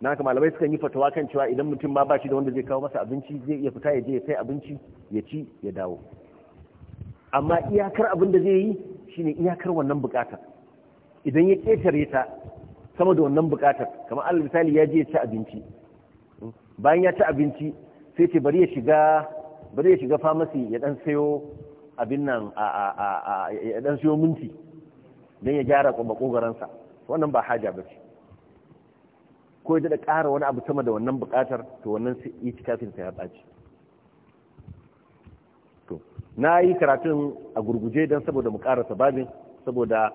na haka malamai sukan yi fatawa kan cewa idan mutum ma ba shi da wanda zai kawo masa abinci zai iya fita ya je ya kai abinci ya ci ya dawo amma iyakar abin da zai yi shi ne iyakar wannan bukatar idan ya ƙetare ta sama da wannan bukatar kamar alal misali ya je ya ci abinci bayan ya ci abinci sai ce bari ya shiga bari ya shiga pharmacy ya dan sayo abin nan a a ya dan sayo minti dan ya gyara makogaransa wannan ba haja bace ko ya da ƙara wani abu sama da wannan bukatar to wannan kafin sai ya baci na yi karatun a gurguje don saboda mu karasa babin saboda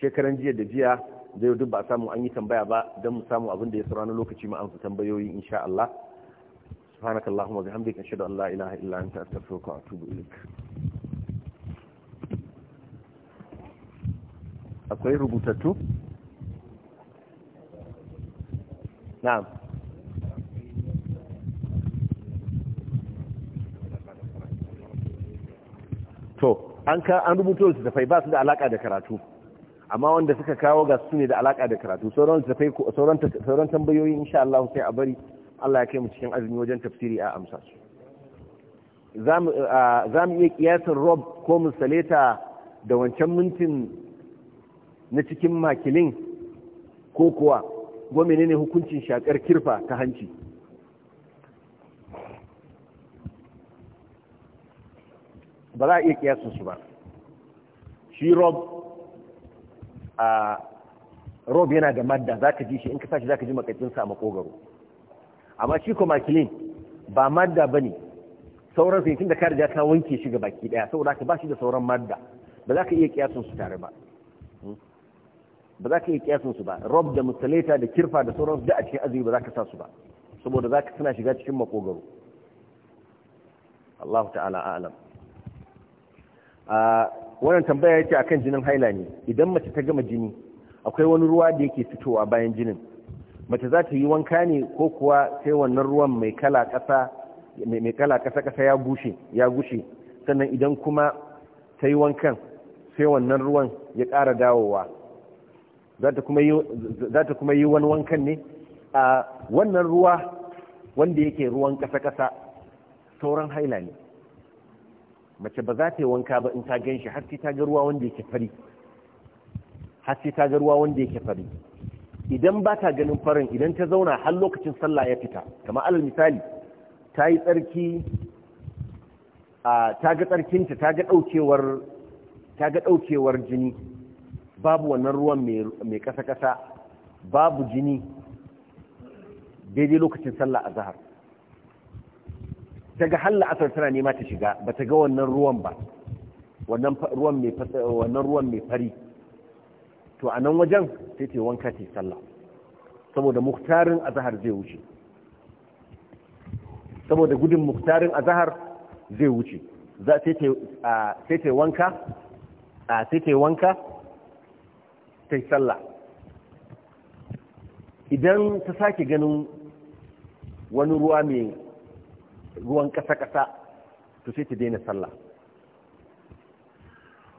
shekaran jiya da jiya zai duk ba a samu an yi tambaya ba don mu samu abin da ya na lokaci ma amsa su tambayoyi insha Allah subhanakallahumma bihamdika ashhadu an la ilaha illa anta astaghfiruka wa atubu ilaik akwai rubutattu na'am to an ka an rubuto littattafai ba su da alaka da karatu amma wanda suka kawo ga su ne da alaka da karatu sauran littattafai sauran sauran tambayoyi insha Allah sai a bari Allah ya kai mu cikin azumi wajen tafsiri a amsa su za mu iya kiyasin rob ko musaleta da wancan mintin na cikin makilin ko kuwa gwamnati ne hukuncin shakar kirfa ta hanci ba za a iya kiyasin su ba shi rob a rob yana da madda za ka ji shi in ka sashi za ka ji makacinsa a makogaro amma shi kuma kilin ba madda ba ne sauran sai da kare ta ta wanke shi baki daya saboda ka ba shi da sauran madda ba za ka iya kiyasin su tare ba hmm? ba za ka iya kiyasin su ba rob da musaleta da kirfa da sauran su da a cikin azumi ba za ka sa su ba saboda za ka suna shiga cikin makogaro Allah ta'ala a'lam wannan tambaya yake akan jinin haila ne idan mace ta gama jini akwai wani ruwa da yake fitowa bayan jinin mace za ta yi wanka ne ko kuwa sai wannan ruwan mai kala kasa mai kala kasa kasa ya gushe ya gushe sannan idan kuma ta yi wankan sai wannan ruwan ya ƙara dawowa za ta kuma yi wani wankan ne a wannan ruwa wanda yake ruwan kasa kasa sauran haila ne mace ba za ta yi wanka ba in ta gan shi har sai ta ga ruwa wanda yake fari har ta ga ruwa wanda yake fari idan ba ta ganin farin idan ta zauna har lokacin sallah ya fita kamar alal misali ta yi tsarki a ta ga tsarkinta ta ga daukewar ta ga daukewar jini babu wannan ruwan mai kasa kasa babu jini daidai lokacin sallah a zahar. ta ga halla asar tana nema ta shiga ba ta ga wannan ruwan ba wannan ruwan mai fari to a nan wajen sai ta wanka ta yi sallah saboda muktarin azahar zai wuce saboda gudun muktarin azahar zai wuce za sai ta wanka a sai ta wanka ta yi sallah idan ta sake ganin wani ruwa mai ruwan ƙasa-ƙasa to sai ta daina sallah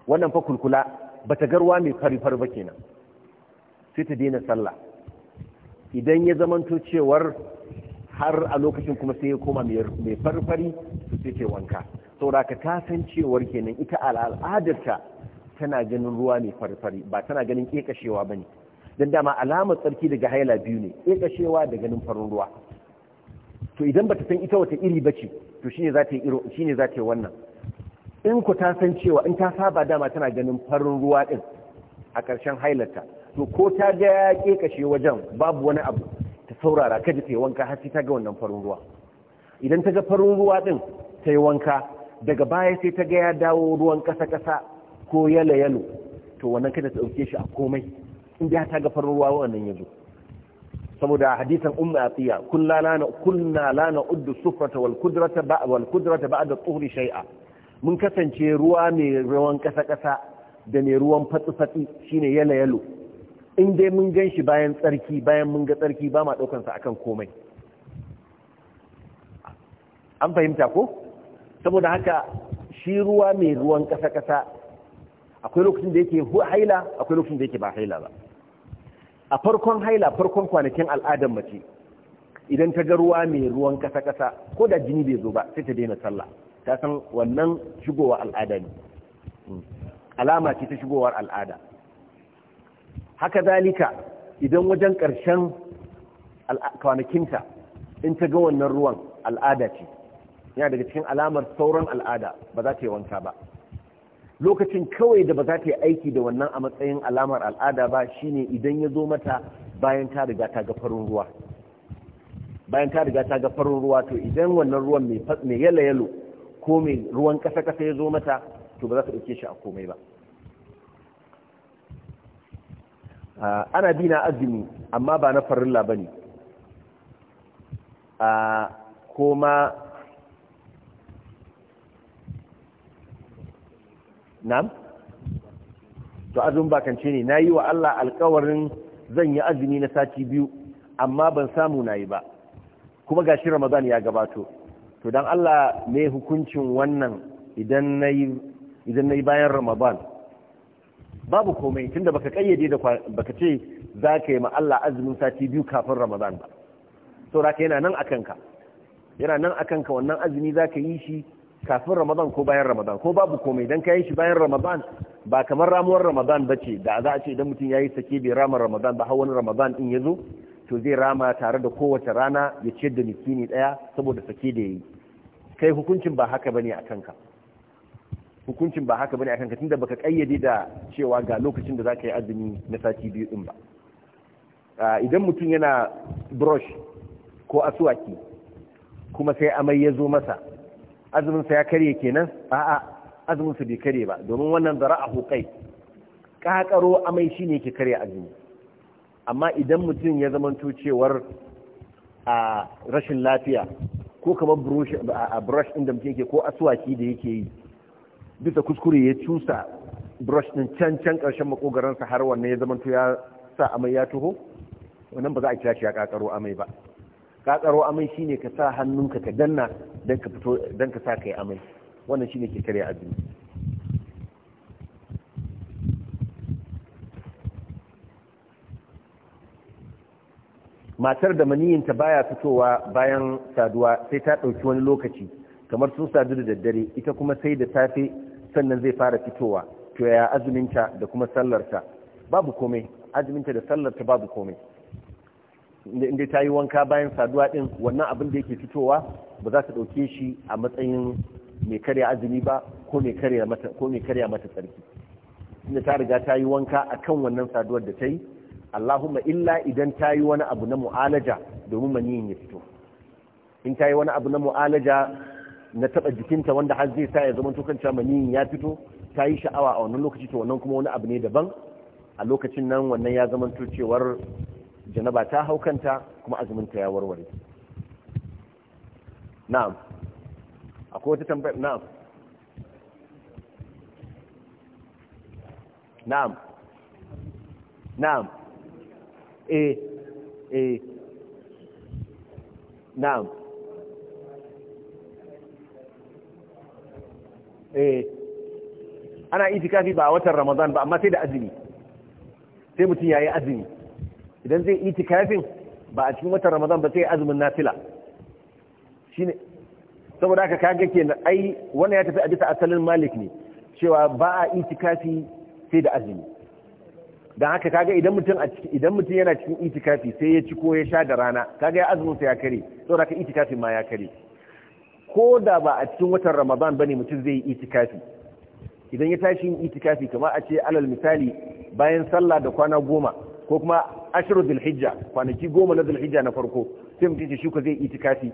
wannan fa kulkula ba ta garwa mai fari-fari ba kenan sai ta daina sallah idan ya zamanto cewar har a lokacin kuma sai ya koma mai fari-fari, to sai ta wanka saboda ta san cewar kenan ita al'adarta tana ganin ruwa mai fari-fari, ba tana ganin ƙeƙashewa ba ne don dama alamar tsarki daga haila biyu ne ƙeƙashewa da ganin farin ruwa to idan bata san ita wata iri bace to shine za ta yi shine za ta yi wannan in ku ta san cewa in ta saba dama tana ganin farin ruwa din a ƙarshen hailarta to ko ta ga ya kashe wajen babu wani abu ta saurara kada ta yi wanka har sai ta ga wannan farin ruwa idan ta ga farin ruwa din ta yi wanka daga baya sai ta ga ya dawo ruwan ƙasa-ƙasa ko yalo-yalo to wannan kada ta ɗauke shi a komai in ta ga farin ruwa wannan ya zo saboda hadisan ummu atiya kunna lana kunna la na uddu sufrata wal qudrata ba wal qudrata ba'da tuhri shay'a mun kasance ruwa mai ruwan kasa kasa da mai ruwan fatsi fatsi shine yalo yalo in dai mun gan shi bayan tsarki bayan mun ga tsarki ba ma daukan sa akan komai an fahimta ko saboda haka shi ruwa mai ruwan kasa kasa akwai lokacin da yake haila akwai lokacin da yake ba haila ba a farkon haila farkon kwanakin al'adar mace idan ta ga ruwa mai ruwan kasa-kasa ko da jini bai zo ba sai ta daina sallah ta san wannan shigowa al'ada ne alama ce ta shigowar al'ada haka zalika idan wajen ƙarshen kwanakinta in ta ga wannan ruwan al'ada ce yana daga cikin alamar sauran al'ada ba za ta yi wanka ba lokacin kawai da ba za ta yi aiki da wannan a matsayin alamar al'ada ba shine idan ya zo mata bayan ta riga ta ga farin ruwa bayan ta riga ta ga farin ruwa to idan wannan ruwan mai yalo yalo ko mai ruwan kasa kasa ya zo mata to ba za ta dauke shi a komai ba ana bi na azumi amma ba na farilla ba ne ko ma na'am to azumin bakance ne na yi wa Allah alkawarin zan yi azumi na sati biyu amma ban samu na yi ba kuma gashi ramadan ya gabato to don Allah mai hukuncin wannan idan na yi bayan ramadan babu komai tunda baka kayyade da baka ce za ka yi ma Allah azumin sati biyu kafin ramadan ba sauraka yana nan a kanka yana nan a kanka wannan azumi za ka yi shi kafin ramadan ko bayan ramadan ko babu komai dan kayi shi bayan ramadan ba kamar ramuwar ramadan ba ce da za a ce idan mutum ya yi sake bai rama ramadan ba hawan ramadan in ya zo to zai rama tare da kowace rana ya ciyar da miskini daya saboda sake da ya yi kai hukuncin ba haka bane a kanka hukuncin ba haka bane a kanka tunda baka kayyade da cewa ga lokacin da zaka yi azumi na sati biyu din ba idan mutum yana brush ko asuwaki kuma sai amai ya zo masa azumin sa ya karye kenan a'a azumin bai karye ba domin wannan zara a hukai kakaro amai shine ke karya azumi amma idan mutum ya zamanto cewar a rashin lafiya ko kamar brush ɗin da mutum yake ko asuwaki da yake yi bisa kuskure ya cusa brush ɗin can can ƙarshen makogaransa har wannan ya zamanto ya sa amai ya tuho wannan ba za a kira shi ya kakaro amai ba ka tsaro amai shine ka sa hannunka ka danna don ka fito don ka sa kai amai wannan shine ke karya azumi matar da maniyinta baya fitowa bayan saduwa sai ta ɗauki wani lokaci kamar sun sadu da daddare ita kuma sai da safe sannan zai fara fitowa to ya azuminta da kuma sallarta babu komai azuminta da sallarta babu komai inda ta yi wanka bayan saduwa ɗin wannan abin da yake fitowa ba za ta ɗauke shi a matsayin mai karya azumi ba ko mai karya mata tsarki inda ta riga ta yi wanka a kan wannan saduwar da ta yi Allahumma illa idan ta yi wani abu na mu'alaja domin maniyin ya fito in ta yi wani abu na mu'alaja na taɓa jikinta wanda har zai sa ya zama tukanta maniyin ya fito ta yi sha'awa a wannan lokaci to wannan kuma wani abu ne daban a lokacin nan wannan ya zama cewar janaba ta haukanta kuma azumin ta ya warware na'am akwai wata tambayar na'am na'am na'am eh eh na'am eh ana itikafi ba a watan ramadan ba amma sai da azumi sai mutum ya yi azumi idan zai itikafin ba a cikin watan ramadan ba sai azumin nafila shine saboda haka kaga kenan ai wannan ya tafi a bisa asalin malik ne cewa ba a itikafi sai da azumi dan haka kaga idan mutum a cikin idan mutum yana cikin itikafi sai ya ci ko ya sha da rana kaga ya azumin sa ya kare saboda haka itikafin ma ya kare ko da ba a cikin watan ramadan bane mutum zai yi itikafi idan ya tashi yin itikafi kamar a ce alal misali bayan sallah da kwana goma ko kuma ashiru zulhijja kwanaki goma na zulhijja na farko sai mutum ce shuka zai itikafi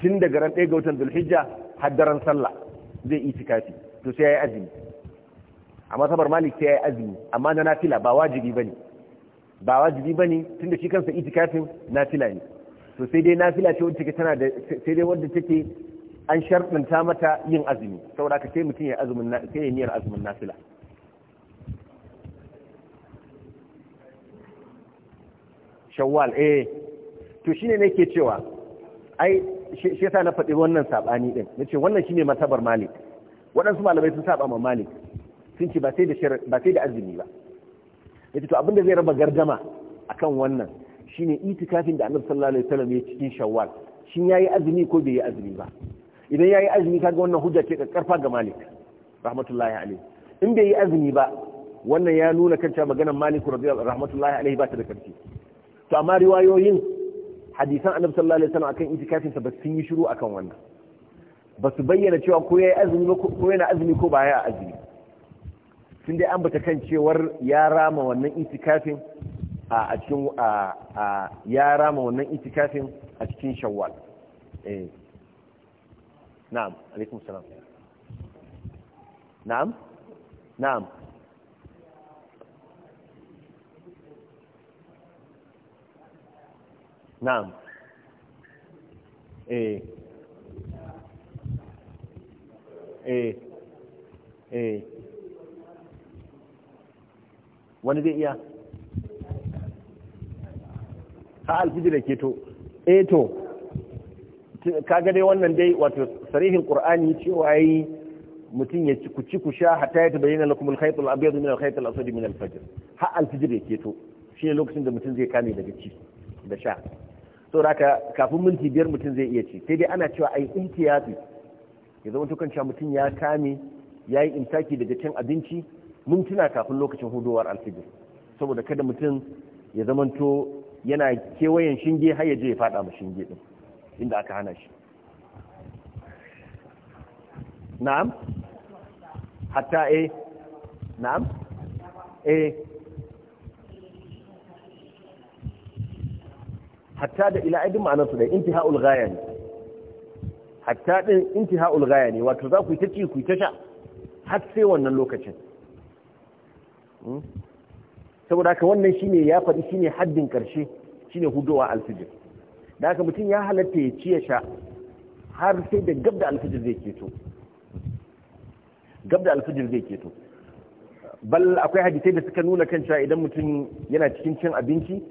tun daga ran ɗaya ga watan zulhijja har daren sallah zai itikafi to sai ya yi azumi Amma sabar malik sai ya yi azumi amma na nafila ba wajibi ba ne ba wajibi ba ne tun da shi kansa itikafin nafila ne to sai dai nafila ce wadda take tana da sai dai wadda take an sharɗanta mata yin azumi saboda ka sai mutum ya azumin sai ya niyyar azumin nafila shawwal eh to shine nake cewa ai shi yasa na faɗi wannan sabani din nace wannan shine matabar malik waɗansu malamai sun saba ma malik sun ce ba sai da ba sai da azumi ba yace to abinda zai raba gardama akan wannan shine itikafin da annabi sallallahu alaihi wasallam ya cikin shawwal shin yayi azumi ko bai yi azumi ba idan yayi azumi kaga wannan hujja ce karfa ga malik rahmatullahi alaihi in bai yi azumi ba wannan ya nuna kan cewa maganar malik radiyallahu rahmatullahi alaihi ba ta da karfi to amma riwayoyin hadisan annabi sallallahu alaihi wasallam akan itikafin sa ba su yi shiru akan wannan ba su bayyana cewa ko yayi azumi ko yana azumi ko ba ya azumi sun dai an bata kan cewar ya rama wannan itikafin a cikin ya rama wannan itikafin a cikin shawwal eh na'am alaikum salam na'am na'am na'am eh eh eh wani zai iya Ha alfijir da keto eh to kaga dai wannan dai wato sarihin qur'ani cewa yi mutum ya ci kuci ku sha hatta ya tabayyana lakum al-khayt al-abyad min al-khayt al-asad min al-fajr ha alfijir ya keto ne lokacin da mutum zai kame daga ci da sha so da kafin minti biyar mutum zai iya ci sai dai ana cewa ai imtiyazi ya zama tukan cewa mutum ya kame ya yi imtaki daga cin abinci mintuna kafin lokacin hudowar alfijir saboda kada mutum ya to yana kewayen shinge har ya je ya fada ma shinge din inda aka hana shi na'am hatta eh na'am eh hatta da ila aidin ma'anarsu da intiha'ul gaya ne hatta din intiha'ul gaya ne wato za ku yi ta ci ku yi ta sha har sai wannan lokacin hmm? saboda haka wannan shine ya faɗi shine haddin ƙarshe shine huduwa alfijir da haka mutum ya halatta ya ci ya sha har sai da gab da alfijir zai keto gab da alfijir zai keto bal akwai hadisai da suka nuna kan cewa idan mutum yana cikin cin abinci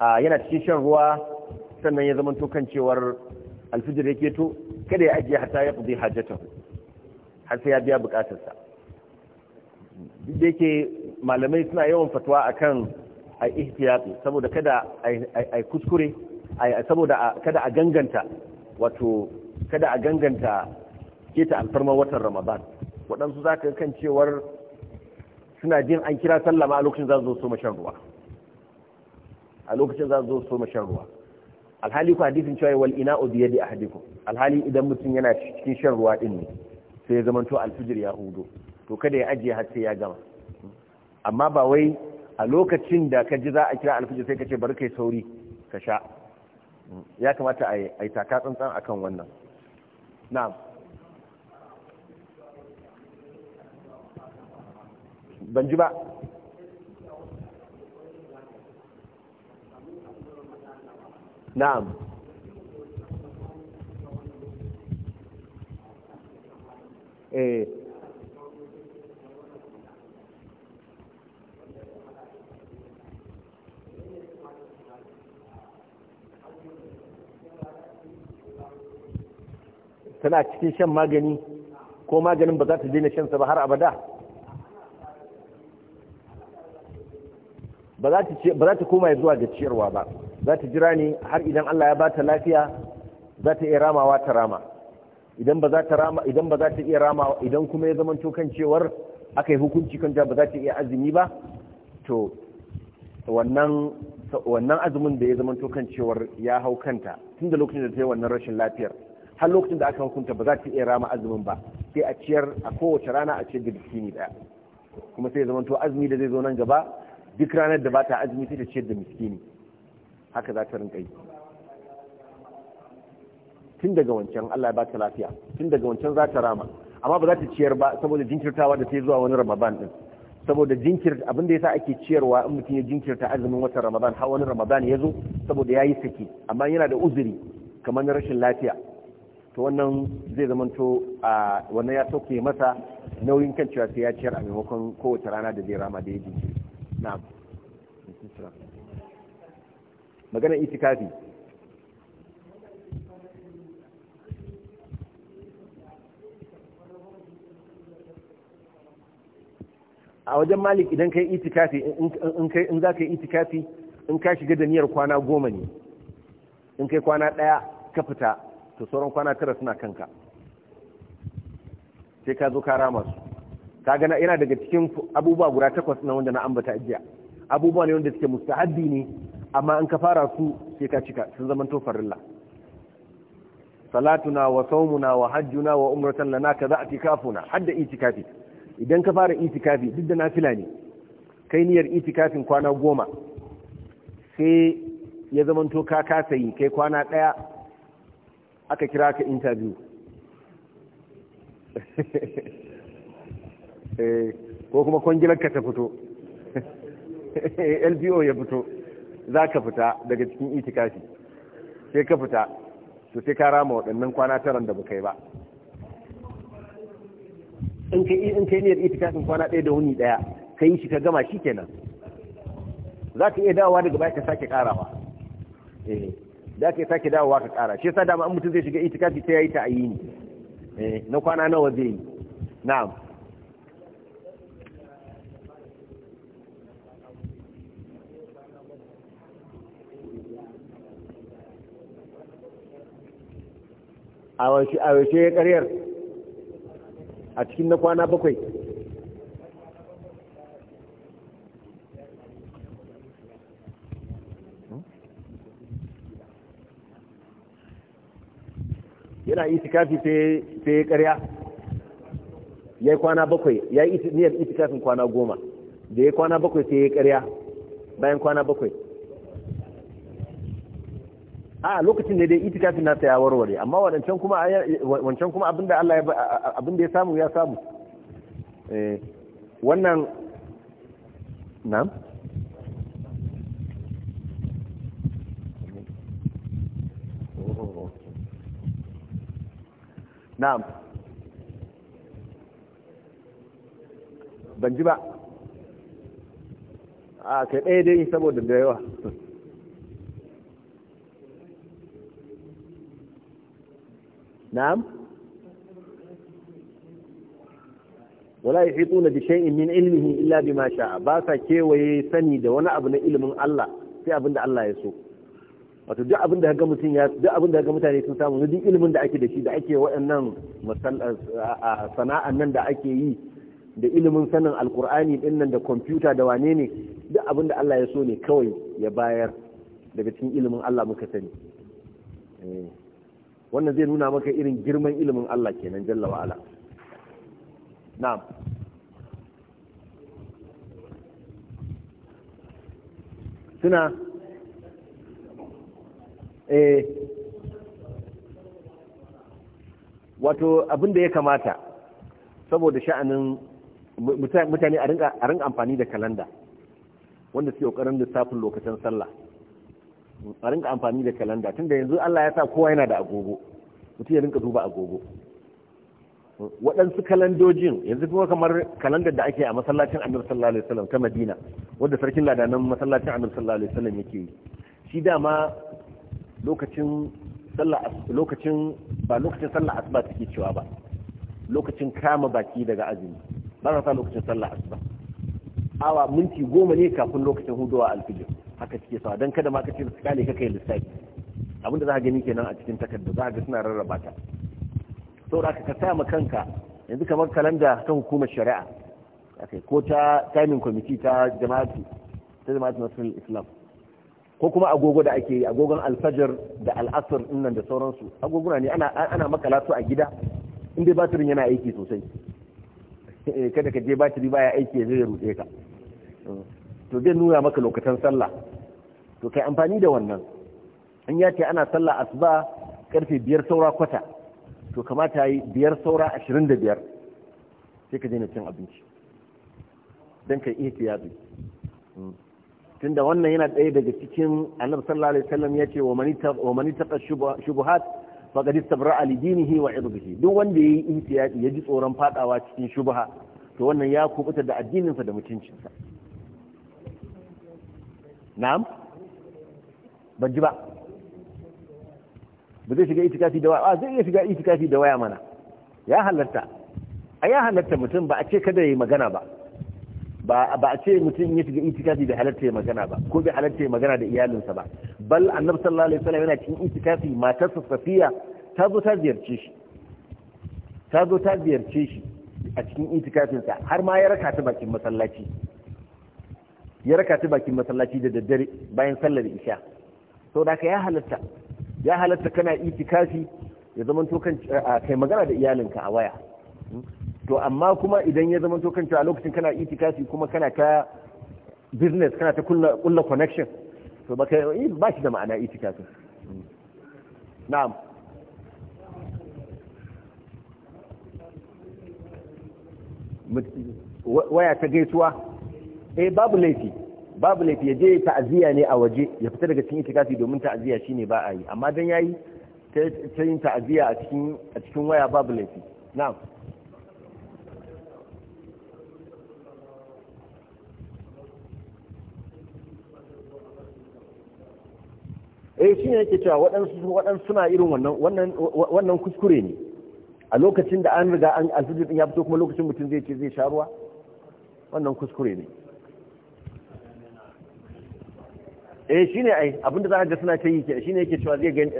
a yana cikin shan ruwa sannan ya zama to cewar alfijir yake to kada ya ajiye hata ya kudi hajjatar har sai ya biya bukatarsa duk da yake malamai suna yawan fatuwa akan a ihtiyatu saboda kada a kuskure saboda kada a ganganta wato kada a ganganta keta alfarmar watan ramadan waɗansu za ka kan cewar suna jin an kira sallama a lokacin za su zo so mashan ruwa a lokacin za su zo su soma shan ruwa alhali ku hadisin cewa wal ina'u bi da ahadikum alhali idan mutum yana cikin shan ruwa din ne sai ya zamanto alfijir ya hudo to kada ya ajiye har sai ya gama amma ba wai a lokacin da ka ji za a kira alfijir sai ka ce bari kai sauri ka sha ya kamata a yi taka tsantsan akan wannan na'am ban ji ba na'am eh tana cikin shan magani ko maganin ba za ta daina shansa ba har abada ba za ta koma zuwa ga ciyarwa ba za ta jira ne har idan Allah ya ba ta lafiya za ta iya ramawa ta rama idan ba za ta rama idan ba za ta iya ramawa idan kuma ya zamanto kan cewar aka yi hukunci kan ba za ta iya azumi ba to wannan wannan azumin da ya zamanto kan cewar ya hau kanta tun da lokacin da ta yi wannan rashin lafiyar har lokacin da aka hukunta ba za ta iya rama azumin ba sai a ciyar a kowace rana a ciyar da miskini daya kuma sai ya to azumi da zai zo nan gaba duk ranar da ba ta azumi sai ta ciyar da miskini haka za ta rinka yi tun daga wancan Allah ya ba ta lafiya tun daga wancan za ta rama amma ba za ta ciyar ba saboda jinkirtawa da ta zuwa wani ramadan din saboda jinkir abinda sa ake ciyarwa in mutum ya jinkirta azumin watan ramadan har wani ramadan ya zo saboda ya yi saki amma yana da uzuri kamar na rashin lafiya to wannan zai to a wannan ya sauke masa nauyin kan cewa sai ya ciyar a maimakon kowace rana da zai rama da ya jinkiri na'am maganar itikafi a wajen malik idan ka yi itikafi in za ka yi itikafi in ka shiga da niyyar kwana goma ne in kai kwana ɗaya ka fita to sauran kwana tara suna kanka sai ka zo ka rama su ka gana yana daga cikin abubuwa guda takwas na wanda na ambata ajiya abubuwa ne wanda suke mustahabbi ne amma an ka fara su sai ka cika sun zama to farilla salatuna wa sawmuna wa hajjuna wa umratan lana kaza atikafuna hadda itikafi idan ka fara itikafi duk da nafila ne kai niyyar itikafin kwana goma sai ya zamanto ka kasa yi kai kwana ɗaya aka kira ka interview (laughs) eh, ko kuma kwangilar ka ta fito lbo (laughs) ya fito za ka fita daga cikin itikafi sai ka fita su sai ka rama waɗannan kwana taron da bukai ba in ka in ka niyyar itikafin kwana ɗaya da wuni ɗaya ka yi shi ka gama shi kenan za ka iya dawowa daga baya ka sake karawa eh za ka sake dawowa ka ƙara shi yasa dama an mutum zai shiga itikafi sai ya yi ta ayini eh na kwana nawa zai yi na'am a wace ya karyar a cikin na kwana bakwai yana kafi sai ya karya ya yi kwana bakwai ya yi isi kafin kwana goma da ya kwana bakwai sai ya karya bayan kwana bakwai a lokacin da dai itikafin nasa ya warware amma wancan kuma wancan kuma abinda Allah abinda ya samu ya samu eh wannan na'am na'am ban ji ba a kai ɗaya dai saboda da yawa نعم ولا يحيطون بشيء من علمه الا بما شاء sha'a ba sa kewaye sani da wani abu na ilimin Allah sai abin da Allah ya so wato duk abin da ga mutum ya duk abin da ga mutane sun samu na duk ilimin da ake da shi da ake waɗannan sana'an nan da ake yi da ilimin sanin alkur'ani din nan da kwamfuta da wane ne duk abin da Allah ya so ne kawai ya bayar daga cikin ilimin Allah muka sani wannan zai nuna maka irin girman ilimin Allah kenan jalla wa'ala, na suna eh wato abin da ya kamata saboda sha'anin mutane a rinka amfani da kalanda wanda yi ƙoƙarin lissafin lokacin sallah a rinka amfani da kalanda tunda yanzu Allah ya sa kowa yana da agogo mutum ya rinka duba agogo waɗansu kalandojin yanzu kuma kamar kalandar da ake a masallacin annabi sallallahu alaihi wasallam ta Madina wanda sarkin ladanan masallacin annabi sallallahu alaihi wasallam yake yi shi dama lokacin sallah lokacin ba lokacin sallah asuba take cewa ba lokacin kama baki daga azumi ba sa lokacin sallah asuba awa minti goma ne kafin lokacin a alfijir haka cike sawa don kada ma ka ce su kyale kaka yi lissafi abinda za a gani kenan a cikin takarda za a ga suna rarraba ta da ka sa ma kanka yanzu kamar kalanda kan hukumar shari'a ko ta timing committee ta jama'atu ta jama'atu nasarar islam ko kuma agogo da ake yi agogon alfajar da al'asar nan da sauransu agoguna ne ana makala su a gida inda batirin yana aiki sosai eh, kada ka je batiri baya aiki zai rude ka to zai nuna maka lokacin sallah to kai amfani da wannan in ya ce ana sallah asuba karfe biyar saura kwata to kamata yi biyar saura ashirin da biyar sai ka daina cin abinci don ka iya tun hmm. tunda wannan yana ɗaya daga cikin annab sallallahu alaihi sallam ya ce wa mani taqa shubuhat faqad istabra li dinihi wa irdihi duk wanda ya yi ihtiyadi ya ji tsoron fadawa cikin shubaha, to wannan ya kubuta da addinin da mutuncinsa. na'am ban ji ba ba zai shiga itikafi da waya zai iya shiga itikafi da waya mana ya halatta a ya halatta mutum ba a ce kada ya yi magana ba ba a ce mutum ya shiga itikafi da halatta ya magana ba ko bai halatta ya magana da iyalinsa ba bal annabi sallallahu alaihi wasallam yana cikin itikafi matar safiya ta zo ta ziyarce shi ta zo ta ziyarce shi a cikin itikafinsa har ma ya raka ta bakin masallaci ya raka ta bakin masallaci da daddare bayan sallar isha sau da ka ya halatta ya halatta kana itikafi ya zama kan kai magana da iyalinka a waya to amma kuma idan ya zama kan a lokacin kana itikafi kuma kana ta business kana ta kulla connection to ba ba shi da ma'ana itikafi na'am waya ta gaisuwa eh babu laifi babu laifi ya je ta'aziya ne a waje ya fita daga cikin itikafi domin ta'aziyya shine ba a yi amma dan yayi ta yin ta'aziya a cikin a cikin waya babu laifi na'am eh shi ne yake cewa waɗansu waɗansu suna irin wannan wannan wannan kuskure ne a lokacin da an riga an alfijir ya fito kuma lokacin mutum zai ce zai sha ruwa wannan kuskure ne eh shine ai abinda za ka ga suna ta yi shi shine yake cewa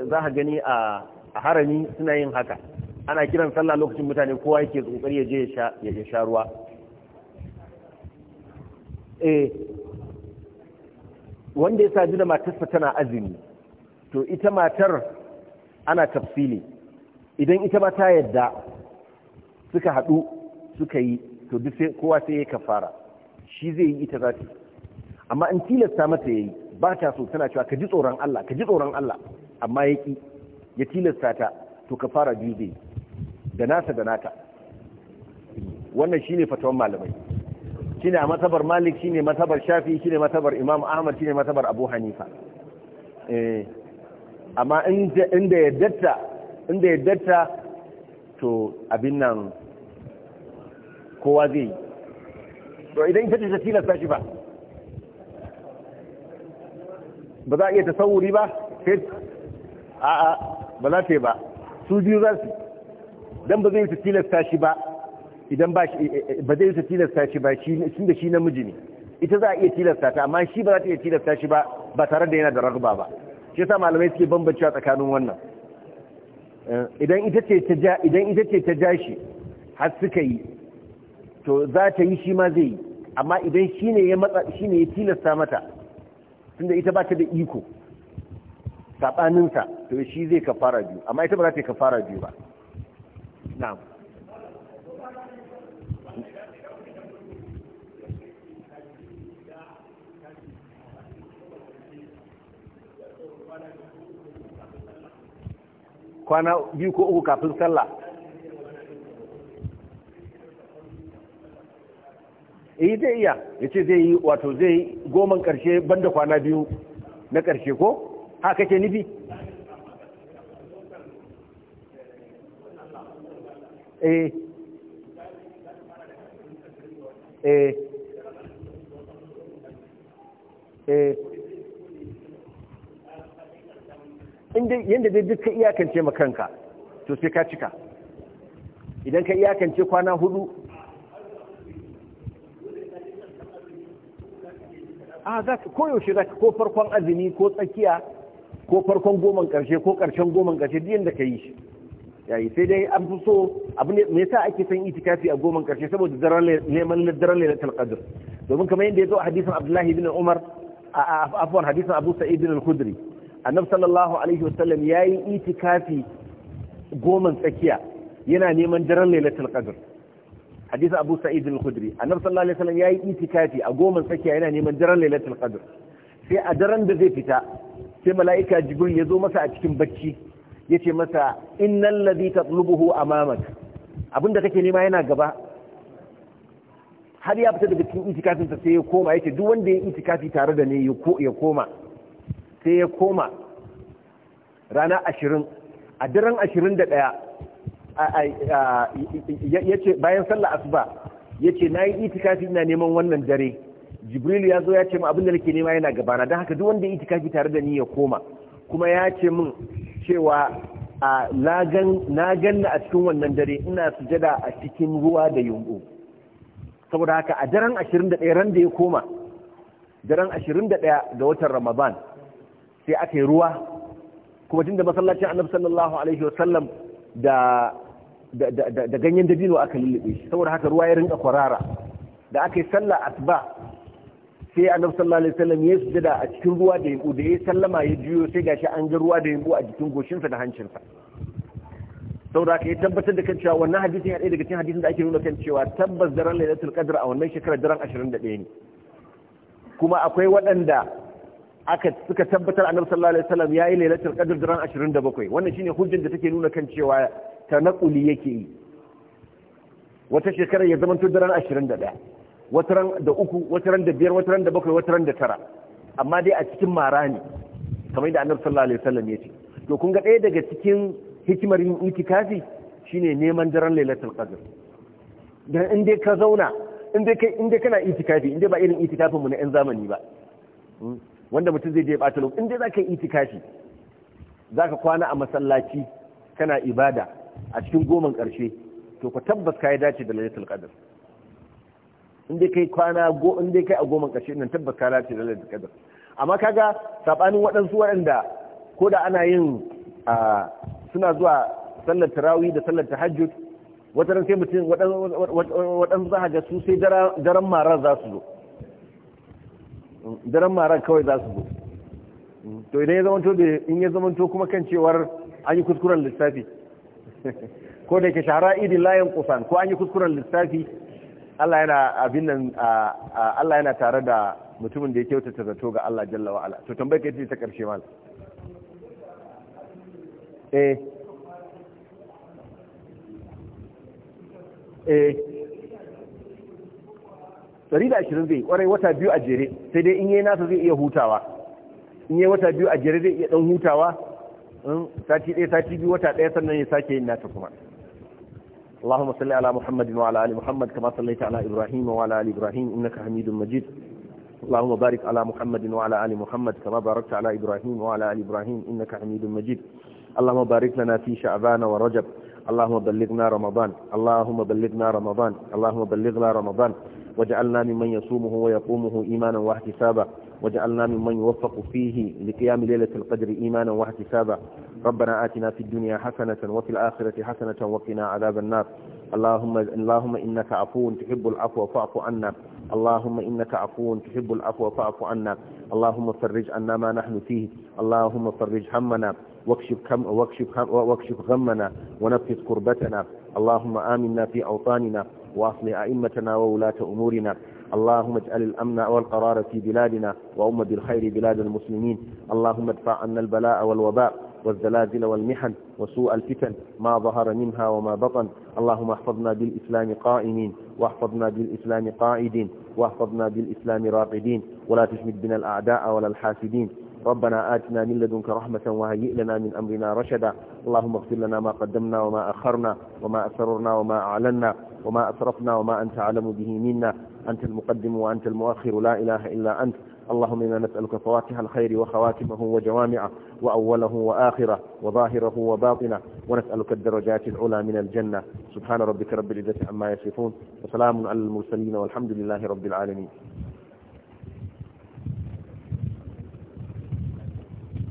za ka gani a harami suna yin haka ana kiran sallah lokacin mutane kowa yake kokari ya je ya sha ruwa eh wanda ya sadu da matarsa tana azumi to ita matar ana tafsili idan ita ba ta yadda suka haɗu suka yi to duk kowa sai ya kafara shi zai yi ita za ta amma in tilasta mata ya yi ba ta so tana cewa ka ji tsoron Allah ka ji tsoron Allah amma ya ki ya tilasta ta to ka fara biyu da nasa da nata wannan shine fatawan malamai shine a matabar Malik shine matabar Shafi shine matabar Imam Ahmad shine matabar Abu Hanifa eh amma inda yaddatta inda yaddatta to abin nan kowa zai to idan ka ce ta tilasta shi ba ba za a iya tasawuri ba sai a'a ba za ta yi ba su biyu za su dan ba zai yi ta tilasta shi ba idan ba eh, eh, ba zai yi ta tilasta shi ba shi da shi namiji ne ita za a iya tilasta ta amma shi ba za ta iya tilasta shi ba ba tare da yana da ragba ba shi yasa malamai suke bambancewa tsakanin wannan eh, idan ita ce ta ja idan ita ce ta ja shi har suka yi to za ta yi shi ma zai yi amma idan shi ne ya matsa shi ne ya tilasta mata tunda ita ba ta da iko sabaninsa to shi zai kafara biyu amma ita ba za ta kafara biyu ba na'am kwana biyu ko uku kafin sallah eh zai iya ya ce zai yi wato zai yi goman ban banda kwana biyu na karshe ko ha kake nufi eh eh eh inda yanda dai duk ka iyakance ma kanka to sai ka cika idan ka iyakance kwana hudu a za ka koyaushe za ka ko farkon azumi ko tsakiya ko farkon goman ƙarshe ko ƙarshen goman ƙarshe duk yadda ka yi shi yayi sai dai an fi so abu ne me yasa ake son itikafi a goman ƙarshe saboda neman daren lailatul qadr domin kamar yadda ya zo a hadisin abdullahi bin umar a afwan hadisin abu sa'id bin al-khudri annabi sallallahu alaihi wasallam yayi itikafi goman tsakiya yana neman daren lailatul qadr hadisi Abu Sa'id al-Khudri annabi sallallahu alaihi wasallam yayi itikafi a goma tsakiya yana neman daren Lailatul Qadr sai a daren da zai fita sai mala'ika Jibril ya zo masa a cikin bacci yace masa innal ladhi tatlubuhu amamak abinda kake nema yana gaba har ya fita daga cikin itikafin sai ya koma yace duk wanda ya itikafi tare da ni ya koma sai ya koma rana ashirin a daren ashirin da ɗaya ce bayan sallah asuba yace nayi itikafi ina neman wannan dare jibril ya zo ya ce min abin da nake nema yana gabana don haka duk wanda itikafi tare da ni ya koma kuma ya ce min cewa na ganna a cikin wannan dare ina sujada a cikin ruwa da yunbu saboda haka a daren 21 ran da ya koma daren 21 ga watan ramadan sai aka yi ruwa kuma tunda masallacin annabi sallallahu alaihi wasallam da da ganyen dabino aka lullube shi saboda haka ruwa ya rinka kwarara da aka yi sallah asuba sai annabi sallallahu alaihi wasallam ya jada a cikin ruwa da yanku da ya sallama ya juyo sai gashi an ga ruwa da yanku a jikin goshinsa da hancinsa saboda haka ya tabbatar da kan cewa wannan hadisin ya ɗaya daga cikin hadisin da ake nuna kan cewa tabbas daren lailatul qadr a wannan shekarar daren 21 ne kuma akwai waɗanda aka suka tabbatar annabi sallallahu alaihi wasallam yi lailatul qadr daren 27 wannan shine hujjar da take nuna kan cewa tanakuli yake yi wata shekarar ya zamanto da ran 21 wata ran da uku wata ran da biyar wata ran da bakwai wata ran da tara amma dai a cikin mara ne kamar da annabi sallallahu alaihi wasallam ya ce to kun ga ɗaya daga cikin hikimar yin itikafi shine neman daren lailatul qadr dan in dai ka zauna in dai kai in dai kana itikafi in dai ba irin itikafin mu na yan zamani ba hmm, wanda mutum zai je ya ɓata lokaci in dai zaka yi itikafi zaka kwana a masallaci kana ibada a cikin goman ƙarshe to ku tabbas ka yi dace da lalatul qadr in kai kwana go kai a goman ƙarshe nan tabbas ka dace da lalatul qadr amma kaga sabanin waɗansu waɗanda ko da ana yin suna zuwa sallar tarawih da sallar tahajjud wata ran sai mutum waɗansu za ga su sai daren marar za su zo daren marar kawai za su zo to idan ya zamanto da in ya zamanto kuma kan cewar an yi kuskuren lissafi (laughs) ko da ke shara idin layin kusan ko an yi kuskuren lissafi Allah yana abin nan Allah yana tare da mutumin da ya kyautata zato ga Allah jalla wa ala to tambayar ka ce ta karshe mal eh eh ashirin zai kwarai wata biyu a jere sai dai in yi nasa zai iya hutawa in yi wata biyu a jere zai iya dan hutawa sati ɗaya sati biyu wata ɗaya sannan ya sake yin nata kuma اللهم صل على محمد وعلى ال محمد كما صليت على ابراهيم وعلى ال ابراهيم انك حميد مجيد اللهم بارك على محمد وعلى ال محمد كما باركت على ابراهيم وعلى ال ابراهيم انك حميد مجيد اللهم بارك لنا في شعبان ورجب اللهم بلغنا رمضان اللهم بلغنا رمضان اللهم بلغنا رمضان وجعلنا ممن يصومه ويقومه إيمانا واحتسابا وجعلنا ممن يوفق فيه لقيام ليلة القدر إيمانا واحتسابا ربنا آتنا في الدنيا حسنة وفي الآخرة حسنة وقنا عذاب النار اللهم, اللهم إنك عفو تحب العفو فاعف عنا اللهم إنك عفو تحب العفو فاعف عنا اللهم فرج عنا ما نحن فيه اللهم فرج همنا واكشف, كم واكشف, واكشف غمنا ونفس كربتنا اللهم آمنا في أوطاننا وأصلح أئمتنا وولاة أمورنا اللهم اجعل الأمن والقرار في بلادنا وأم بالخير بلاد المسلمين اللهم ادفع عنا البلاء والوباء والزلازل والمحن وسوء الفتن ما ظهر منها وما بطن اللهم احفظنا بالإسلام قائمين واحفظنا بالإسلام قائدين واحفظنا بالإسلام راقدين ولا تشمد بنا الأعداء ولا الحاسدين ربنا آتنا من لدنك رحمة وهيئ لنا من أمرنا رشدا اللهم اغفر لنا ما قدمنا وما أخرنا وما أسررنا وما أعلنا وما أسرفنا وما أنت أعلم به منا أنت المقدم وأنت المؤخر لا إله إلا أنت اللهم إنا نسألك فواتح الخير وخواتمه وجوامعه وأوله وآخره وظاهره وباطنه ونسألك الدرجات العلى من الجنة سبحان ربك رب العزة عما يصفون وسلام على المرسلين والحمد لله رب العالمين